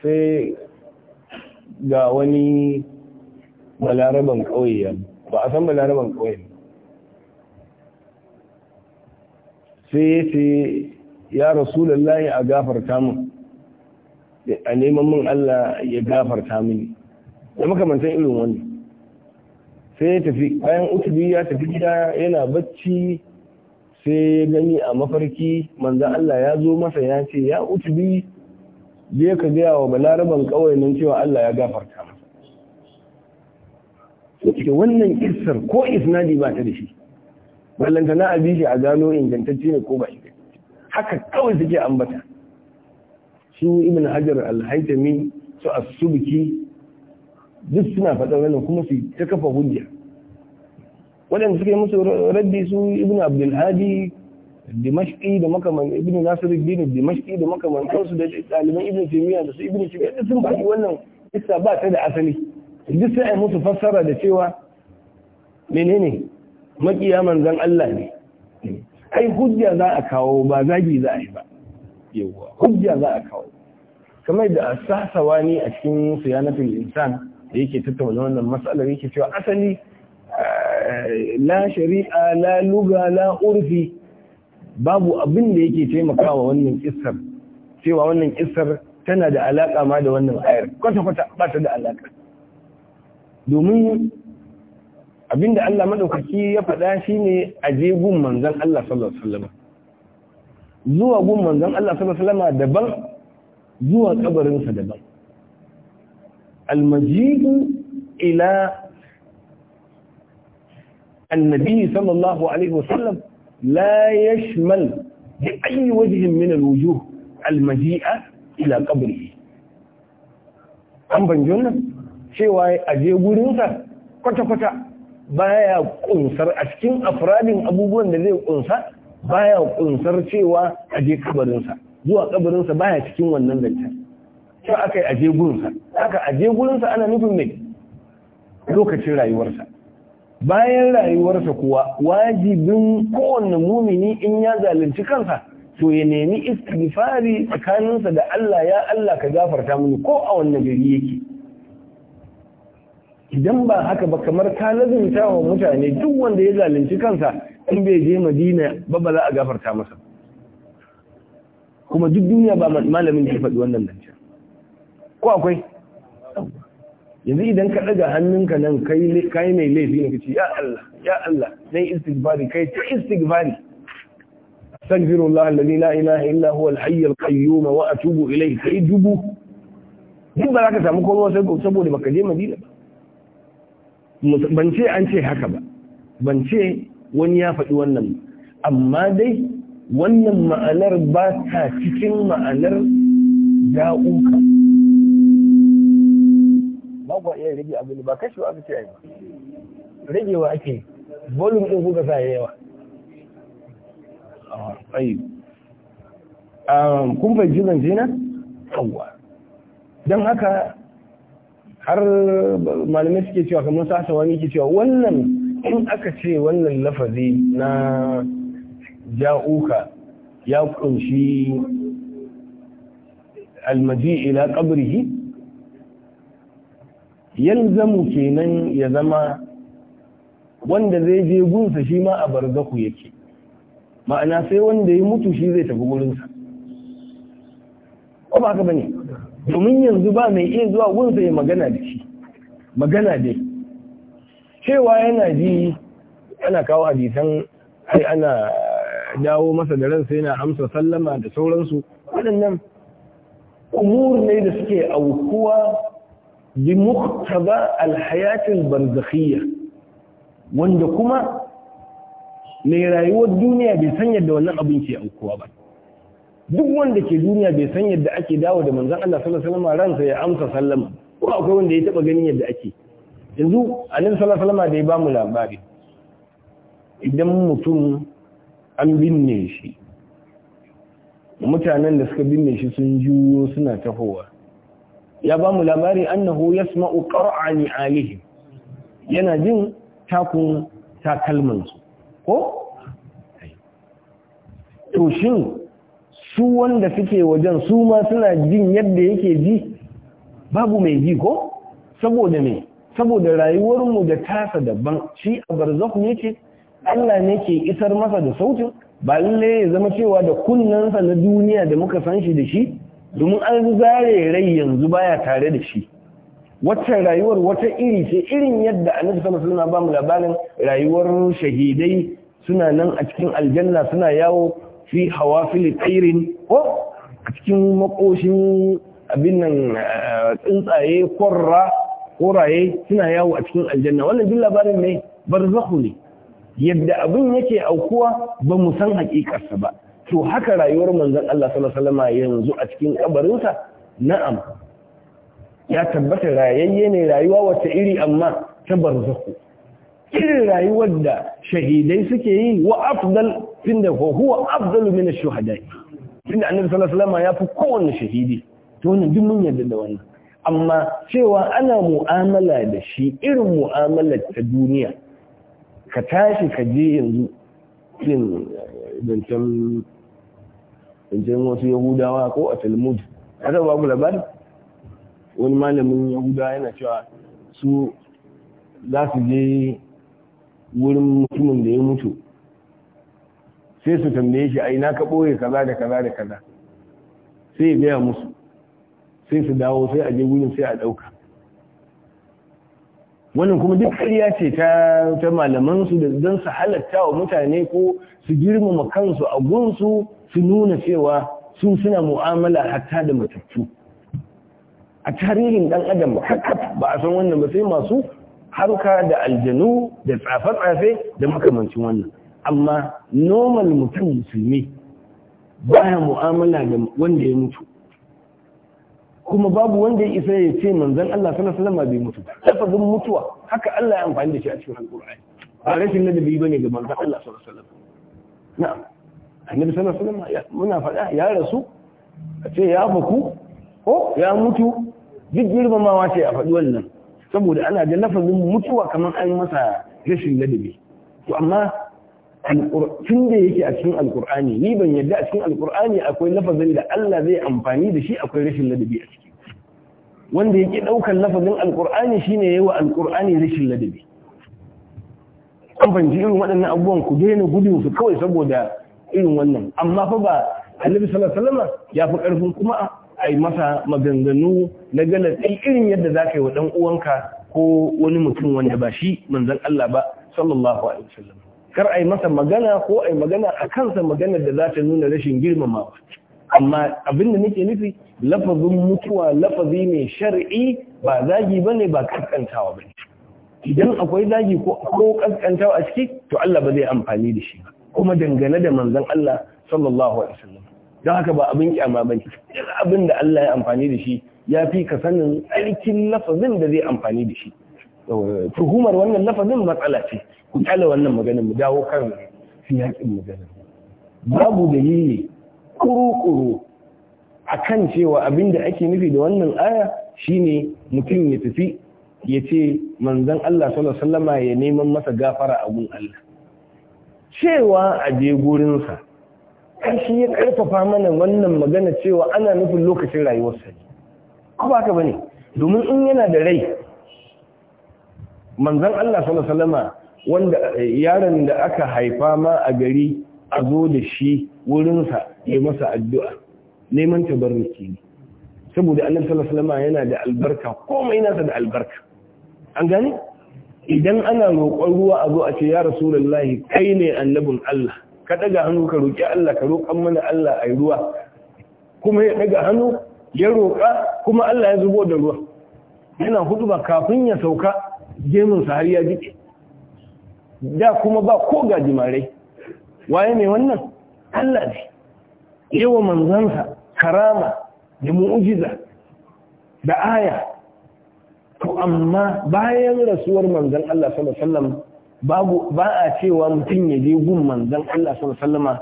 sai ga wani balaraban ƙauye ya ba a san balaraban ƙauye sai ya ce ya rasulallahi a gafarta mun a neman mun Allah ya gafarta mini Ya makamantan irin wani. sai ya tafi bayan utubi ya tafi gida yana bacci sai ya gani a mafarki manzan Allah ya zo masa ya ce ya utubi je ka gaya wa balaraban kawai nan cewa Allah ya gafarta yake wannan kissar ko isnadi ba ta da shi ballanta na abi shi a gano ingantacce ne ko ba shi haka kawai suke ambata su ibn hajar al-haitami su as-subki duk suna faɗa wannan kuma su ta kafa hujja waɗanda suka yi musu raddi su ibn abdul hadi dimashqi da makaman ibn nasiruddin dimashqi da makaman kansu da daliban ibn timiya da su ibn taymiya sun faɗi wannan kissa ba ta da asali duk sai musu fassara da cewa menene makiya manzan Allah ne ai hujja za a kawo ba zagi za a yi ba yawwa hujja za a kawo kamar da asasawa ne a cikin siyanatul insan da yake tattauna wannan matsalar yake cewa asali eh, la shari'a la luga la urfi babu abin da yake taimakawa wannan kissar cewa wannan kissar tana da alaka ma da wannan ayar kwata kwata ba ta da alaka domin abinda Allah madaukaki ya faɗa shine je gun manzon Allah sallallahu alaihi zuwa gun manzon Allah sallallahu alaihi wasallam daban zuwa kabarinsa daban almajidu ila annabi sallallahu alaihi wasallam la yashmal bi ayi wajhin min alwujuh almaji'a ila qabrihi an banjon nan cewa a je gurinsa kwata-kwata baya kunsar a cikin afradin abubuwan da zai kunsa baya kunsar cewa a je kabarinsa zuwa kabarinsa baya cikin wannan zancen sai aka yi a je gurinsa aka a je gurinsa ana nufin mai lokacin rayuwarsa bayan rayuwarsa kuwa wajibin kowane mumini in ya zalunci kansa to ya nemi istighfari tsakaninsa da Allah ya Allah ka gafarta mini ko a wannan gari yake idan ba haka ba kamar ka lazimta wa mutane duk wanda ya zalunci kansa in bai je madina ba ba za a gafarta masa kuma duk duniya ba malamin ke faɗi wannan zancen ko akwai yanzu idan ka ɗaga hannunka nan kai mai laifi ne kace ya Allah ya Allah dan istighfari kai ta istighfari astaghfirullah alladhi la ilaha illa huwa al-hayy al-qayyum wa atubu ilayhi kai dubu duk ba za ka samu kowa sai saboda baka je madina ba ban ce an ce haka ba ban ce wani ya faɗi wannan amma dai wannan ma'anar ba ta cikin ma'anar da'uka ba kuwa iya rage abin ba kashi wa ce ba ragewa ake volume ɗin kuka sa yawa ah, ah, kun fahimci zance na? yawwa don haka har malamai suke cewa kamar sa sawani ke cewa wannan in aka ce wannan lafazi na ja'uka ya kunshi almaji ila qabrihi yalzamu kenan ya zama wanda zai je gunsa shi ma a barzaku yake ma'ana sai wanda ya mutu shi zai tafi gurinsa ko ba haka bane domin yanzu ba mai iya zuwa wurin ya magana da shi magana dai cewa yana ji ana kawo hadisan sai ana dawo masa da ransa yana amsa sallama da sauransu waɗannan umur ne da suke aukuwa bi muktaba alhayatil barzakhiyya wanda kuma mai rayuwar duniya bai san yadda wannan abin ke aukuwa ba duk wanda ke duniya bai san yadda ake dawo da manzon Allah sallallahu alaihi wasallam ransa ya amsa sallama ko akwai wanda ya taba ganin yadda ake yanzu annabi sallallahu alaihi wasallam da ya ba mu labari idan mutum an binne shi mutanen da suka binne shi sun juyo suna tahowa ya ba mu labari annahu yasma'u qara'ani alihi yana jin takun takalmansu ko to shin su wanda suke wajen su ma suna jin yadda yake ji babu mai ji ko saboda me saboda rayuwarmu da tasa daban shi a barzakh ne ce Allah ne ke isar masa da sautin ba lalle ya zama cewa da kunnansa na duniya da muka san shi da shi domin an zare rai yanzu baya tare da shi waccan rayuwar wata iri ce irin yadda annabi sallallahu alaihi wasallam ba mu labarin rayuwar shahidai suna nan a cikin aljanna suna yawo fi hawafil Irin ko a cikin makoshin abin nan eh, tsuntsaye koraye suna yawo a cikin aljanna wannan jin labarin ne bar Zaku ne yadda abin yake aukuwa ba mu san hakikarsa ba to haka rayuwar manzon Allah sallallahu alaihi yanzu a cikin kabarinsa na'am ya tabbata rayayye ne rayuwa wata iri amma ta barzaku irin rayuwar da shahidai suke yi wa afdal tunda ko huwa afdalu min ash-shuhada tunda annabi sallallahu alaihi wasallam ya fi kowanne shahidi to wannan duk mun yarda da wannan amma cewa ana mu'amala da shi irin mu'amalar ta duniya ka tashi ka je yanzu Dantan eh, zancen wasu yahudawa ko a talmud a zaba ku labari wani malamin yahudawa yana cewa su za su je wurin mutumin da ya mutu sai su tambaye shi a ina ka boye kaza da kaza da kaza sai ya musu sai su dawo sai a je wurin sai a ɗauka wannan kuma duk ƙarya ce ta ta malaman su da don su halatta wa mutane ko su girmama kansu a gunsu su nuna cewa sun suna mu'amala hatta da matattu a tarihin ɗan adam ba a san wannan ba sai masu harka da aljanu da tsafe-tsafe da makamancin wannan amma normal mutum musulmi baya mu'amala da wanda ya mutu kuma babu wanda ya isa ya ce manzan Allah sana salama bai mutu lafazin mutuwa haka Allah ya amfani da shi a cikin alqur'ani ba rashin ladabi ne ga manzan Allah sana salama na na'am annabi sana salama muna faɗa ya rasu a ce ya baku, ko ya mutu duk girmamawa ce a faɗi wannan saboda ana da lafazin mutuwa kamar an masa rashin ladabi to amma tun da yake a cikin alkur'ani ni ban yadda a cikin alkur'ani akwai lafazin da Allah zai amfani da shi akwai rashin ladabi a ciki wanda yake daukar lafazin alkur'ani shine yawa alkur'ani rashin ladabi an fanci irin waɗannan abubuwan ku daina gudu su kawai saboda irin wannan amma fa ba annabi sallallahu alaihi wasallam ya fi karfin kuma ai masa maganganu na galatai irin yadda zaka yi wa dan uwanka ko wani mutum wanda ba shi manzon Allah ba sallallahu alaihi wasallam kar a yi masa magana ko a yi magana a kansa maganar da za ta nuna rashin girmamawa amma abin da nake nufi lafazin mutuwa lafazi mai shar'i ba zagi ba ne ba kaskantawa ba idan akwai zagi ko kaskantawa a ciki to Allah ba zai amfani da shi ba kuma dangane da manzon Allah sallallahu alaihi wasallam don haka ba abin kyama ba ne abin da Allah ya amfani da shi ya fi ka sanin tsarkin lafazin da zai amfani da shi tuhumar wannan lafazin matsala ce ku kyale wannan maganar mu dawo kan yakin maganar babu dalili kuru-kuru a kan cewa abin da ake nufi da wannan aya shine mutum ya tafi ya ce manzan Allah sallama ya neman masa gafara a gun Allah cewa a je gurinsa shi ya karfafa mana wannan magana cewa ana nufin lokacin rayuwarsa ne ko ba ka bane domin in yana da rai manzon Allah sallallahu wanda eh, yaron da aka haifa ma a gari a zo da shi wurinsa ya masa addu'a neman tabarruki ne saboda Allah sallallahu alaihi yana da albarka komai nasa da albarka an gani idan ana roƙon ruwa a zo a ce ya rasulullahi kai ne annabin Allah ka daga hannu ka roƙi Allah ka roƙan mana Allah ai ruwa kuma ya daga hannu ya roƙa kuma Allah ya zubo da ruwa yana ba kafin ya sauka gemun sa har ya jike da kuma ba ko gajimare waye mai wannan Allah ne yawa manzansa karama da mu'ujiza da aya to amma bayan rasuwar manzan Allah sallallahu alaihi babu ba a cewa mutum ya je gun manzan Allah sallallahu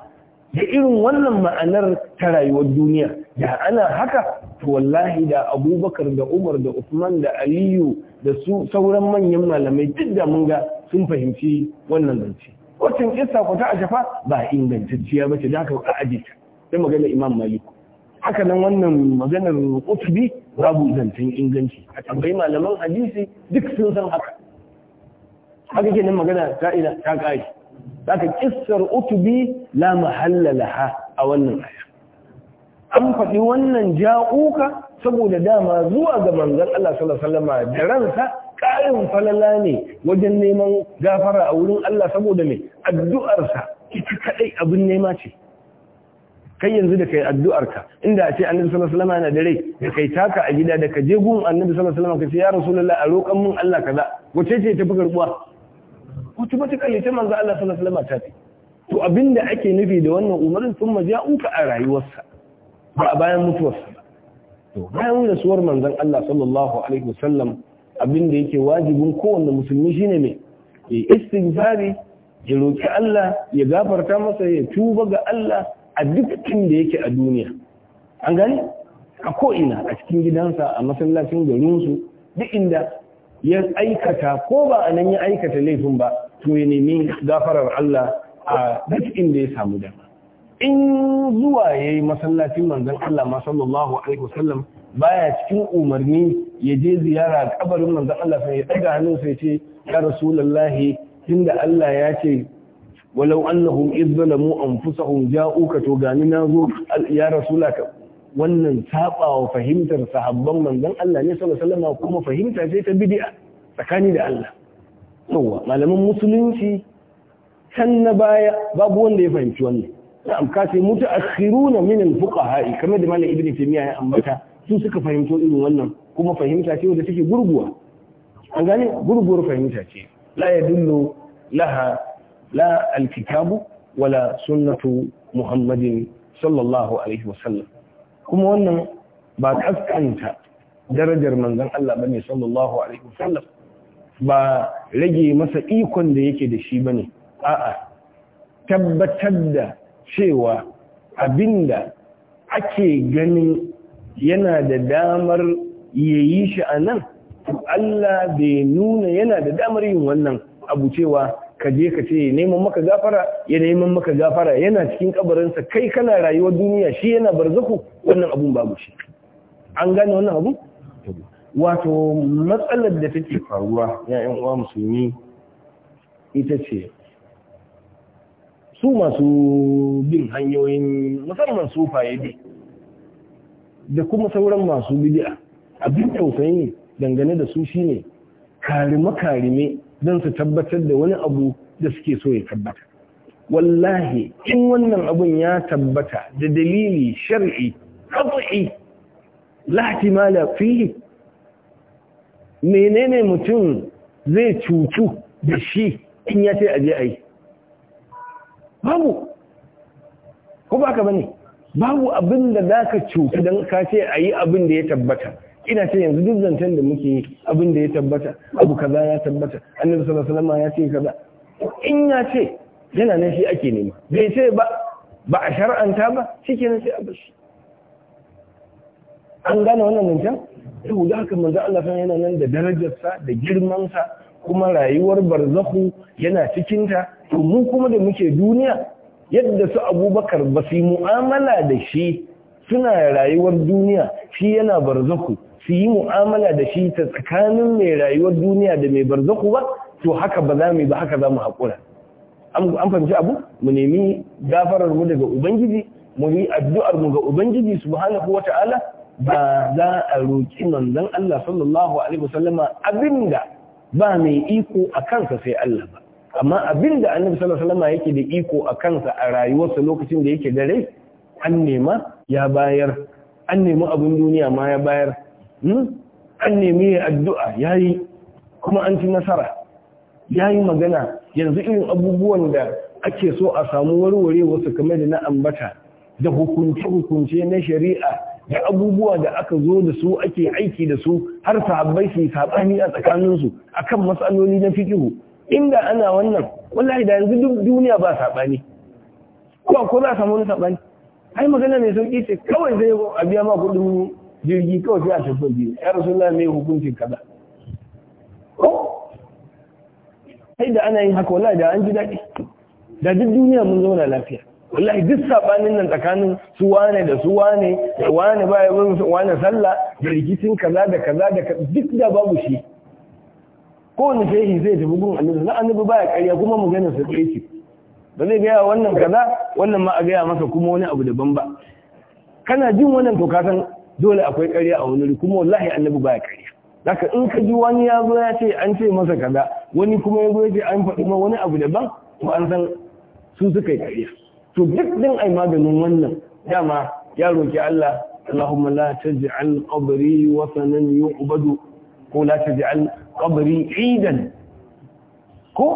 da irin wannan ma'anar ta rayuwar duniya da ana haka to wallahi da abubakar da umar da usman da aliyu da su sauran manyan malamai duk da mun ga sun fahimci wannan zance wacin isa ko ta ajafa ba ingantacciya ba ce da aka a ta sai magana imam malik haka nan wannan maganar kutubi babu zancen inganci a tambayi malaman hadisi duk sun san haka haka ke nan magana ta ina ta kai ka kissar utubi la mahallala ha a wannan aya an faɗi wannan ja'uka saboda dama zuwa ga manzan Allah sallallahu alaihi wasallam da ransa ƙarin falala ne wajen neman gafara a wurin Allah saboda mai addu'arsa ita kaɗai abin nema ce kai yanzu da kai addu'arka inda a ce annabi sallallahu alaihi wasallam yana da rai da kai taka a gida da ka je gun annabi sallallahu alaihi wasallam ka ce ya rasulullahi a roƙan mun Allah kaza wace ce ta tafi karbuwa wato mata kalle ta manzo Allah sallallahu alaihi wasallam ta ce to abinda ake nufi da wannan umarin sun uka a rayuwarsa ba a bayan mutuwarsa to bayan rasuwar manzon Allah sallallahu alaihi wasallam abin da yake wajibin kowanne musulmi shine me ya istighfari ya roki Allah ya gafarta masa ya tuba ga Allah a duk da yake a duniya an gani a ko'ina a cikin gidansa a masallacin garinsu duk inda ya aikata ko ba a nan ya aikata laifin ba to ya nemi gafarar Allah a duk da ya samu dama in zuwa yayi masallacin manzan Allah ma alaihi wasallam baya cikin umarni ya je ziyara kabarin manzan Allah sai ya daga hannu sai ce ya rasulullahi tunda Allah ya ce walau annahum izzalamu anfusahum ja'uka to gani na zo ya rasulaka wannan wa fahimtar sahabban manzan Allah ne sallallahu alaihi wasallam kuma fahimta ce ta bid'a tsakani da Allah yawa malaman musulunci can na baya babu wanda ya fahimci wannan na'am ka sai mutaakhiruna min al-fuqaha kamar da malam ibnu taymiya ya ambata su suka fahimto irin wannan kuma fahimta ce wadda take gurguwa an gane gurguwar fahimta ce la yadullu laha la al-kitabu wala sunnatu muhammadin sallallahu alaihi wasallam kuma wannan ba kaskanta darajar manzon Allah bane sallallahu alaihi wasallam ba rage masa ikon da yake da shi bane a'a tabbatar da cewa abinda ake ganin yana da damar ya yi shi a nan Allah bai nuna yana da damar yin wannan abu cewa ka je ka ce neman maka gafara ya neman maka gafara yana cikin kabarinsa kai kana rayuwar duniya shi yana barzaku wannan abun babu shi an gane wannan abu wato matsalar da take faruwa ya uwa musulmi ita ce su masu bin hanyoyin musamman sufaye ne da kuma sauran masu bidiya abin tausayi dangane da su shine karime karime don su tabbatar da wani abu da suke so ya tabbata wallahi in wannan abun ya tabbata da dalili shar'i qat'i la da menene mutum zai cutu da shi in ya ce aje aiki babu ko ba ka bane babu abin da za ka cuta don ka ce a yi abin da ya tabbata ina ce yanzu duk zancen da muke yi abin da ya tabbata abu kaza ya tabbata annabi sallallahu alaihi ya ce kaza in ya ce yana nan shi ake nema bai ce ba ba a shar'anta ba shikenan sai a bashi an gane wannan zancen yau da haka manzo Allah san yana nan da darajarsa da girmansa kuma rayuwar barzahu yana cikinta to mu kuma da muke duniya yadda su abubakar ba su yi mu'amala da shi suna rayuwar duniya shi yana barzaku, su yi mu'amala da shi ta tsakanin mai rayuwar duniya da mai barzaku ba to haka ba za mu ba haka za mu haƙura an fahimci abu mu nemi gafarar mu daga ubangiji mu yi addu'ar mu ga ubangiji subhanahu wata'ala ba za a roƙi manzon Allah sallallahu alaihi wasallama abinda ba mai iko a kansa sai Allah ba amma abinda da annabi sallallahu alaihi wasallam yake da iko a kansa a rayuwarsa lokacin da yake dare, an nema ya bayar an nemi abin duniya ma ya bayar hmm? an nemi addu'a yayi kuma an ci nasara yayi magana yanzu irin abubuwan da ake so a samu warware wasu kamar da na ambata da hukunce-hukunce na shari'a da abubuwa da aka zo da su ake aiki da su har sahabbai su sabani a tsakaninsu akan matsaloli na fikihu inda ana wannan wallahi da yanzu duk duniya ba sabani ko ko za a samu sabani ai magana mai sauki ce kawai zai a biya ma kudin jirgi kawai sai a tafi biyu ya rasulullahi mai hukuncin kaza ko sai da ana yin haka wallahi da an ji daɗi da duk duniya mun zauna lafiya wallahi duk sabanin nan tsakanin su wane da su wane da wane ba ya wani wane sallah da rikicin kaza da kaza da duk da babu shi kowane shehi zai tafi gun annabi na annabi baya karya kuma mu sa tsaye ce ba zai gaya wannan kaza wannan ma a gaya masa kuma wani abu daban ba kana jin wannan to ka san dole akwai karya a wani kuma wallahi annabi baya karya zaka in ka ji wani ya zo ya ce an ce masa kaza wani kuma ya zo ya ce an faɗi ma wani abu daban to an san su suka yi karya to duk din ai maganin wannan dama ya roki Allah Allahumma la taj'al qabri wasanan yu'badu ko la taj'al qabri 'idan ko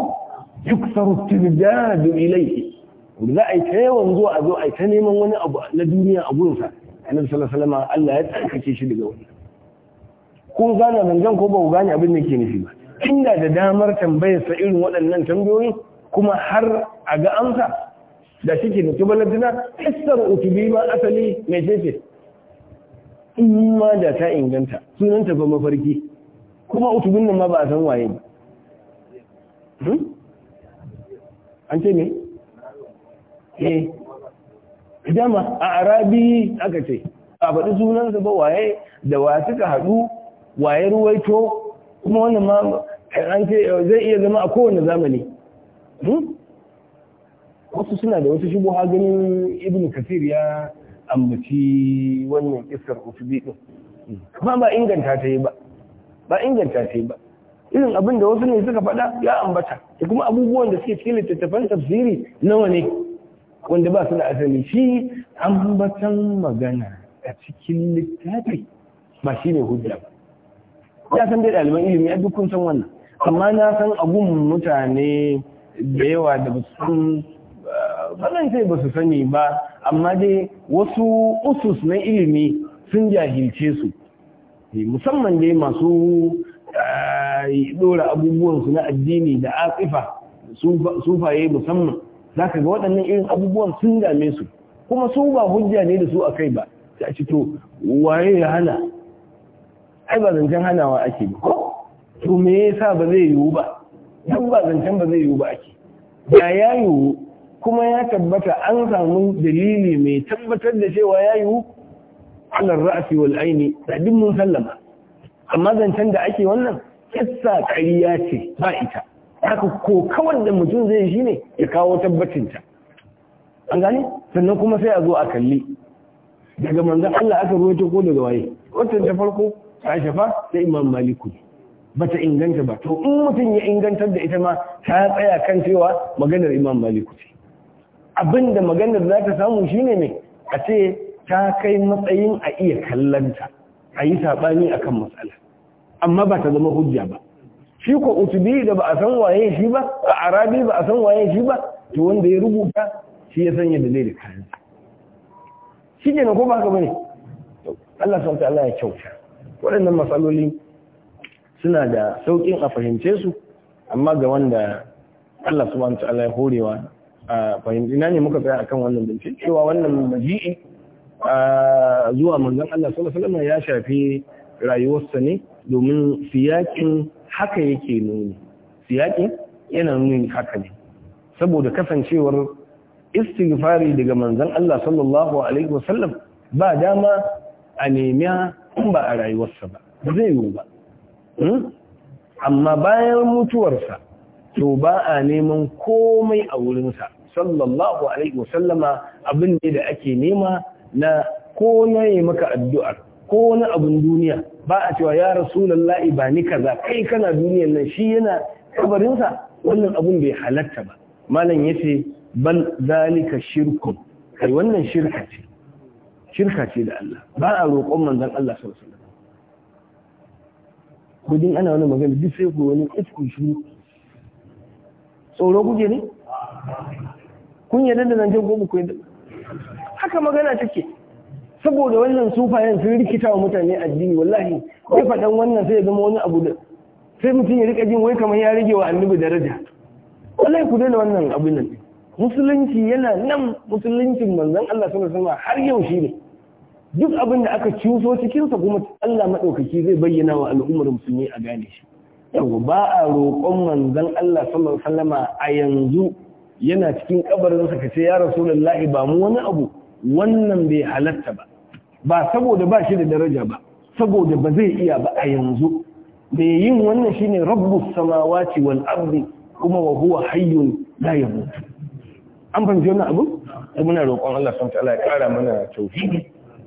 yuksaru tilbad ilayhi za a yi ta yawan zuwa a zo a yi ta neman wani abu na duniya a gurinsa annabi sallallahu alaihi wasallam Allah ya tsarkake shi daga wannan ko nan jan ko ba ku gane abin da ke nufi ba inda da damar tambayar sa irin waɗannan tambayoyi kuma har a ga amsa da shike ne kuma balantana istar utubi ma asali mai ce in ma da ta inganta sunan ba mafarki kuma utubin nan ma ba a san waye ba hmm? an ce ne? eh dama a arabi aka ce a faɗi sunansa ba waye da wa suka haɗu waye ruwaito kuma wannan ma an ce zai iya zama a kowane zamani hmm? wasu suna da wasu shubuha ganin ibn kafir ya ambaci wannan isar usubi din amma ba inganta ta yi ba ba inganta ta yi ba irin abin da wasu ne suka faɗa ya ambata da kuma abubuwan da suke cikin littattafan tafsiri nawa ne wanda ba su da asali shi ambatan magana a cikin littafi ba shi ne hujja ba ya san dai ɗaliban ilimi a duk san wannan amma na san abun mutane da yawa da ba san ba zan sai ba su sani ba amma dai wasu usus na ilimi sun jahilce su eh, musamman dai masu dora eh, abubuwansu na addini da atsifa sufaye musamman za ka ga waɗannan irin abubuwan sun dame su kuma su ba hujja ne da su a kai ba ta ci to waye ya hana ai ba zancen hanawa ake ba ko to me yasa ba zai yiwu ba dan ba zancen ba zai yiwu ba ake ya ya yiwu kuma ya tabbata an samu dalili mai tabbatar da cewa ya yiwu halar ra'asi wal aini sadin mun sallama amma zancen da ake wannan kissa kariya ce ba ita haka ko kawar da mutum zai shi ne ya kawo tabbacinta an gane sannan kuma sai a zo a kalli daga manzan Allah aka ruwaito ko daga waye Wancan ta farko ta shafa da imam maliku bata inganta ba to in mutum ya ingantar da ita ma ta tsaya kan cewa maganar imam maliku ce Abin da maganar za ta samu shine mai a ce ta kai matsayin a iya kallanta a yi saɓani a kan matsala amma ba ta zama hujja ba shi ko utubi da ba a san waye shi ba a arabi ba a san waye shi ba to wanda ya rubuta shi ya sanya da zai da kayan shi ke na ko ba haka bane Allah sauta Allah ya kyauta waɗannan matsaloli suna da sauƙin a fahimce su amma ga wanda Allah subhanahu wa ta'ala ya horewa fahimci na ne muka tsaya akan wannan bincike cewa wannan maji'i zuwa manzan Allah sallallahu alaihi wasallam ya shafi rayuwarsa ne domin siyakin haka yake nuni siyakin yana nuni haka ne saboda kasancewar istighfari daga manzan Allah sallallahu alaihi wasallam ba dama a nemi ba a rayuwarsa ba ba zai yiwu ba hmm? amma bayan mutuwarsa to ba a neman komai a wurinsa sallallahu alaihi wasallama abin ne da ake nema na ko na yi maka addu'ar ko wani abin duniya ba a cewa ya rasulullahi ba ni kaza kai kana duniyan nan shi yana kabarinsa wannan abin bai halatta ba malam yace bal zalika shirkun kai wannan shirka ce shirka ce da Allah ba a roƙon manzon Allah sallallahu alaihi wasallam gudun ana wani magana duk sai ku wani iskun shi tsoro guje ne kun yarda da zancen ko ku yarda haka magana take saboda wannan sufayen sun rikita wa mutane addini wallahi sai faɗan wannan sai ya zama wani abu da sai mutum ya rika jin wai kamar ya rage wa annabi daraja wallahi ku daina wannan abin nan musulunci yana nan musuluncin manzon Allah sallallahu alaihi har yau shi ne duk abin da aka cuso cikinsa kuma Allah maɗaukaki zai bayyana wa al'ummar musulmi a gane shi. Yau ba a roƙon manzon Allah sallallahu Alaihi wasallama a yanzu yana cikin kabarinsa ka ce ya rasulullahi ba mu wani abu wannan bai halatta ba ba saboda ba shi da daraja ba saboda ba zai iya ba a yanzu mai yin wannan shine rabbus samawati wal ardi kuma wa huwa hayyun la yamut an fahimci wannan abu muna roƙon Allah subhanahu ta'ala ya ƙara mana tauhidi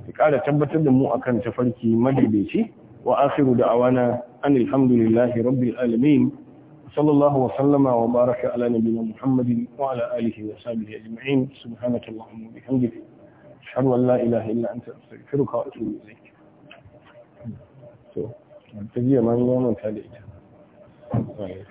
ya ƙara tabbatar da mu akan tafarki madaidaici wa akhiru da'awana anil hamdulillahi rabbil alamin صلى الله وسلم وبارك على نبينا محمد وعلى آله وصحبه أجمعين سبحانك اللهم وبحمدك أشهد أن لا إله إلا أنت أستغفرك وأتوب إليك تجي من يوم تالي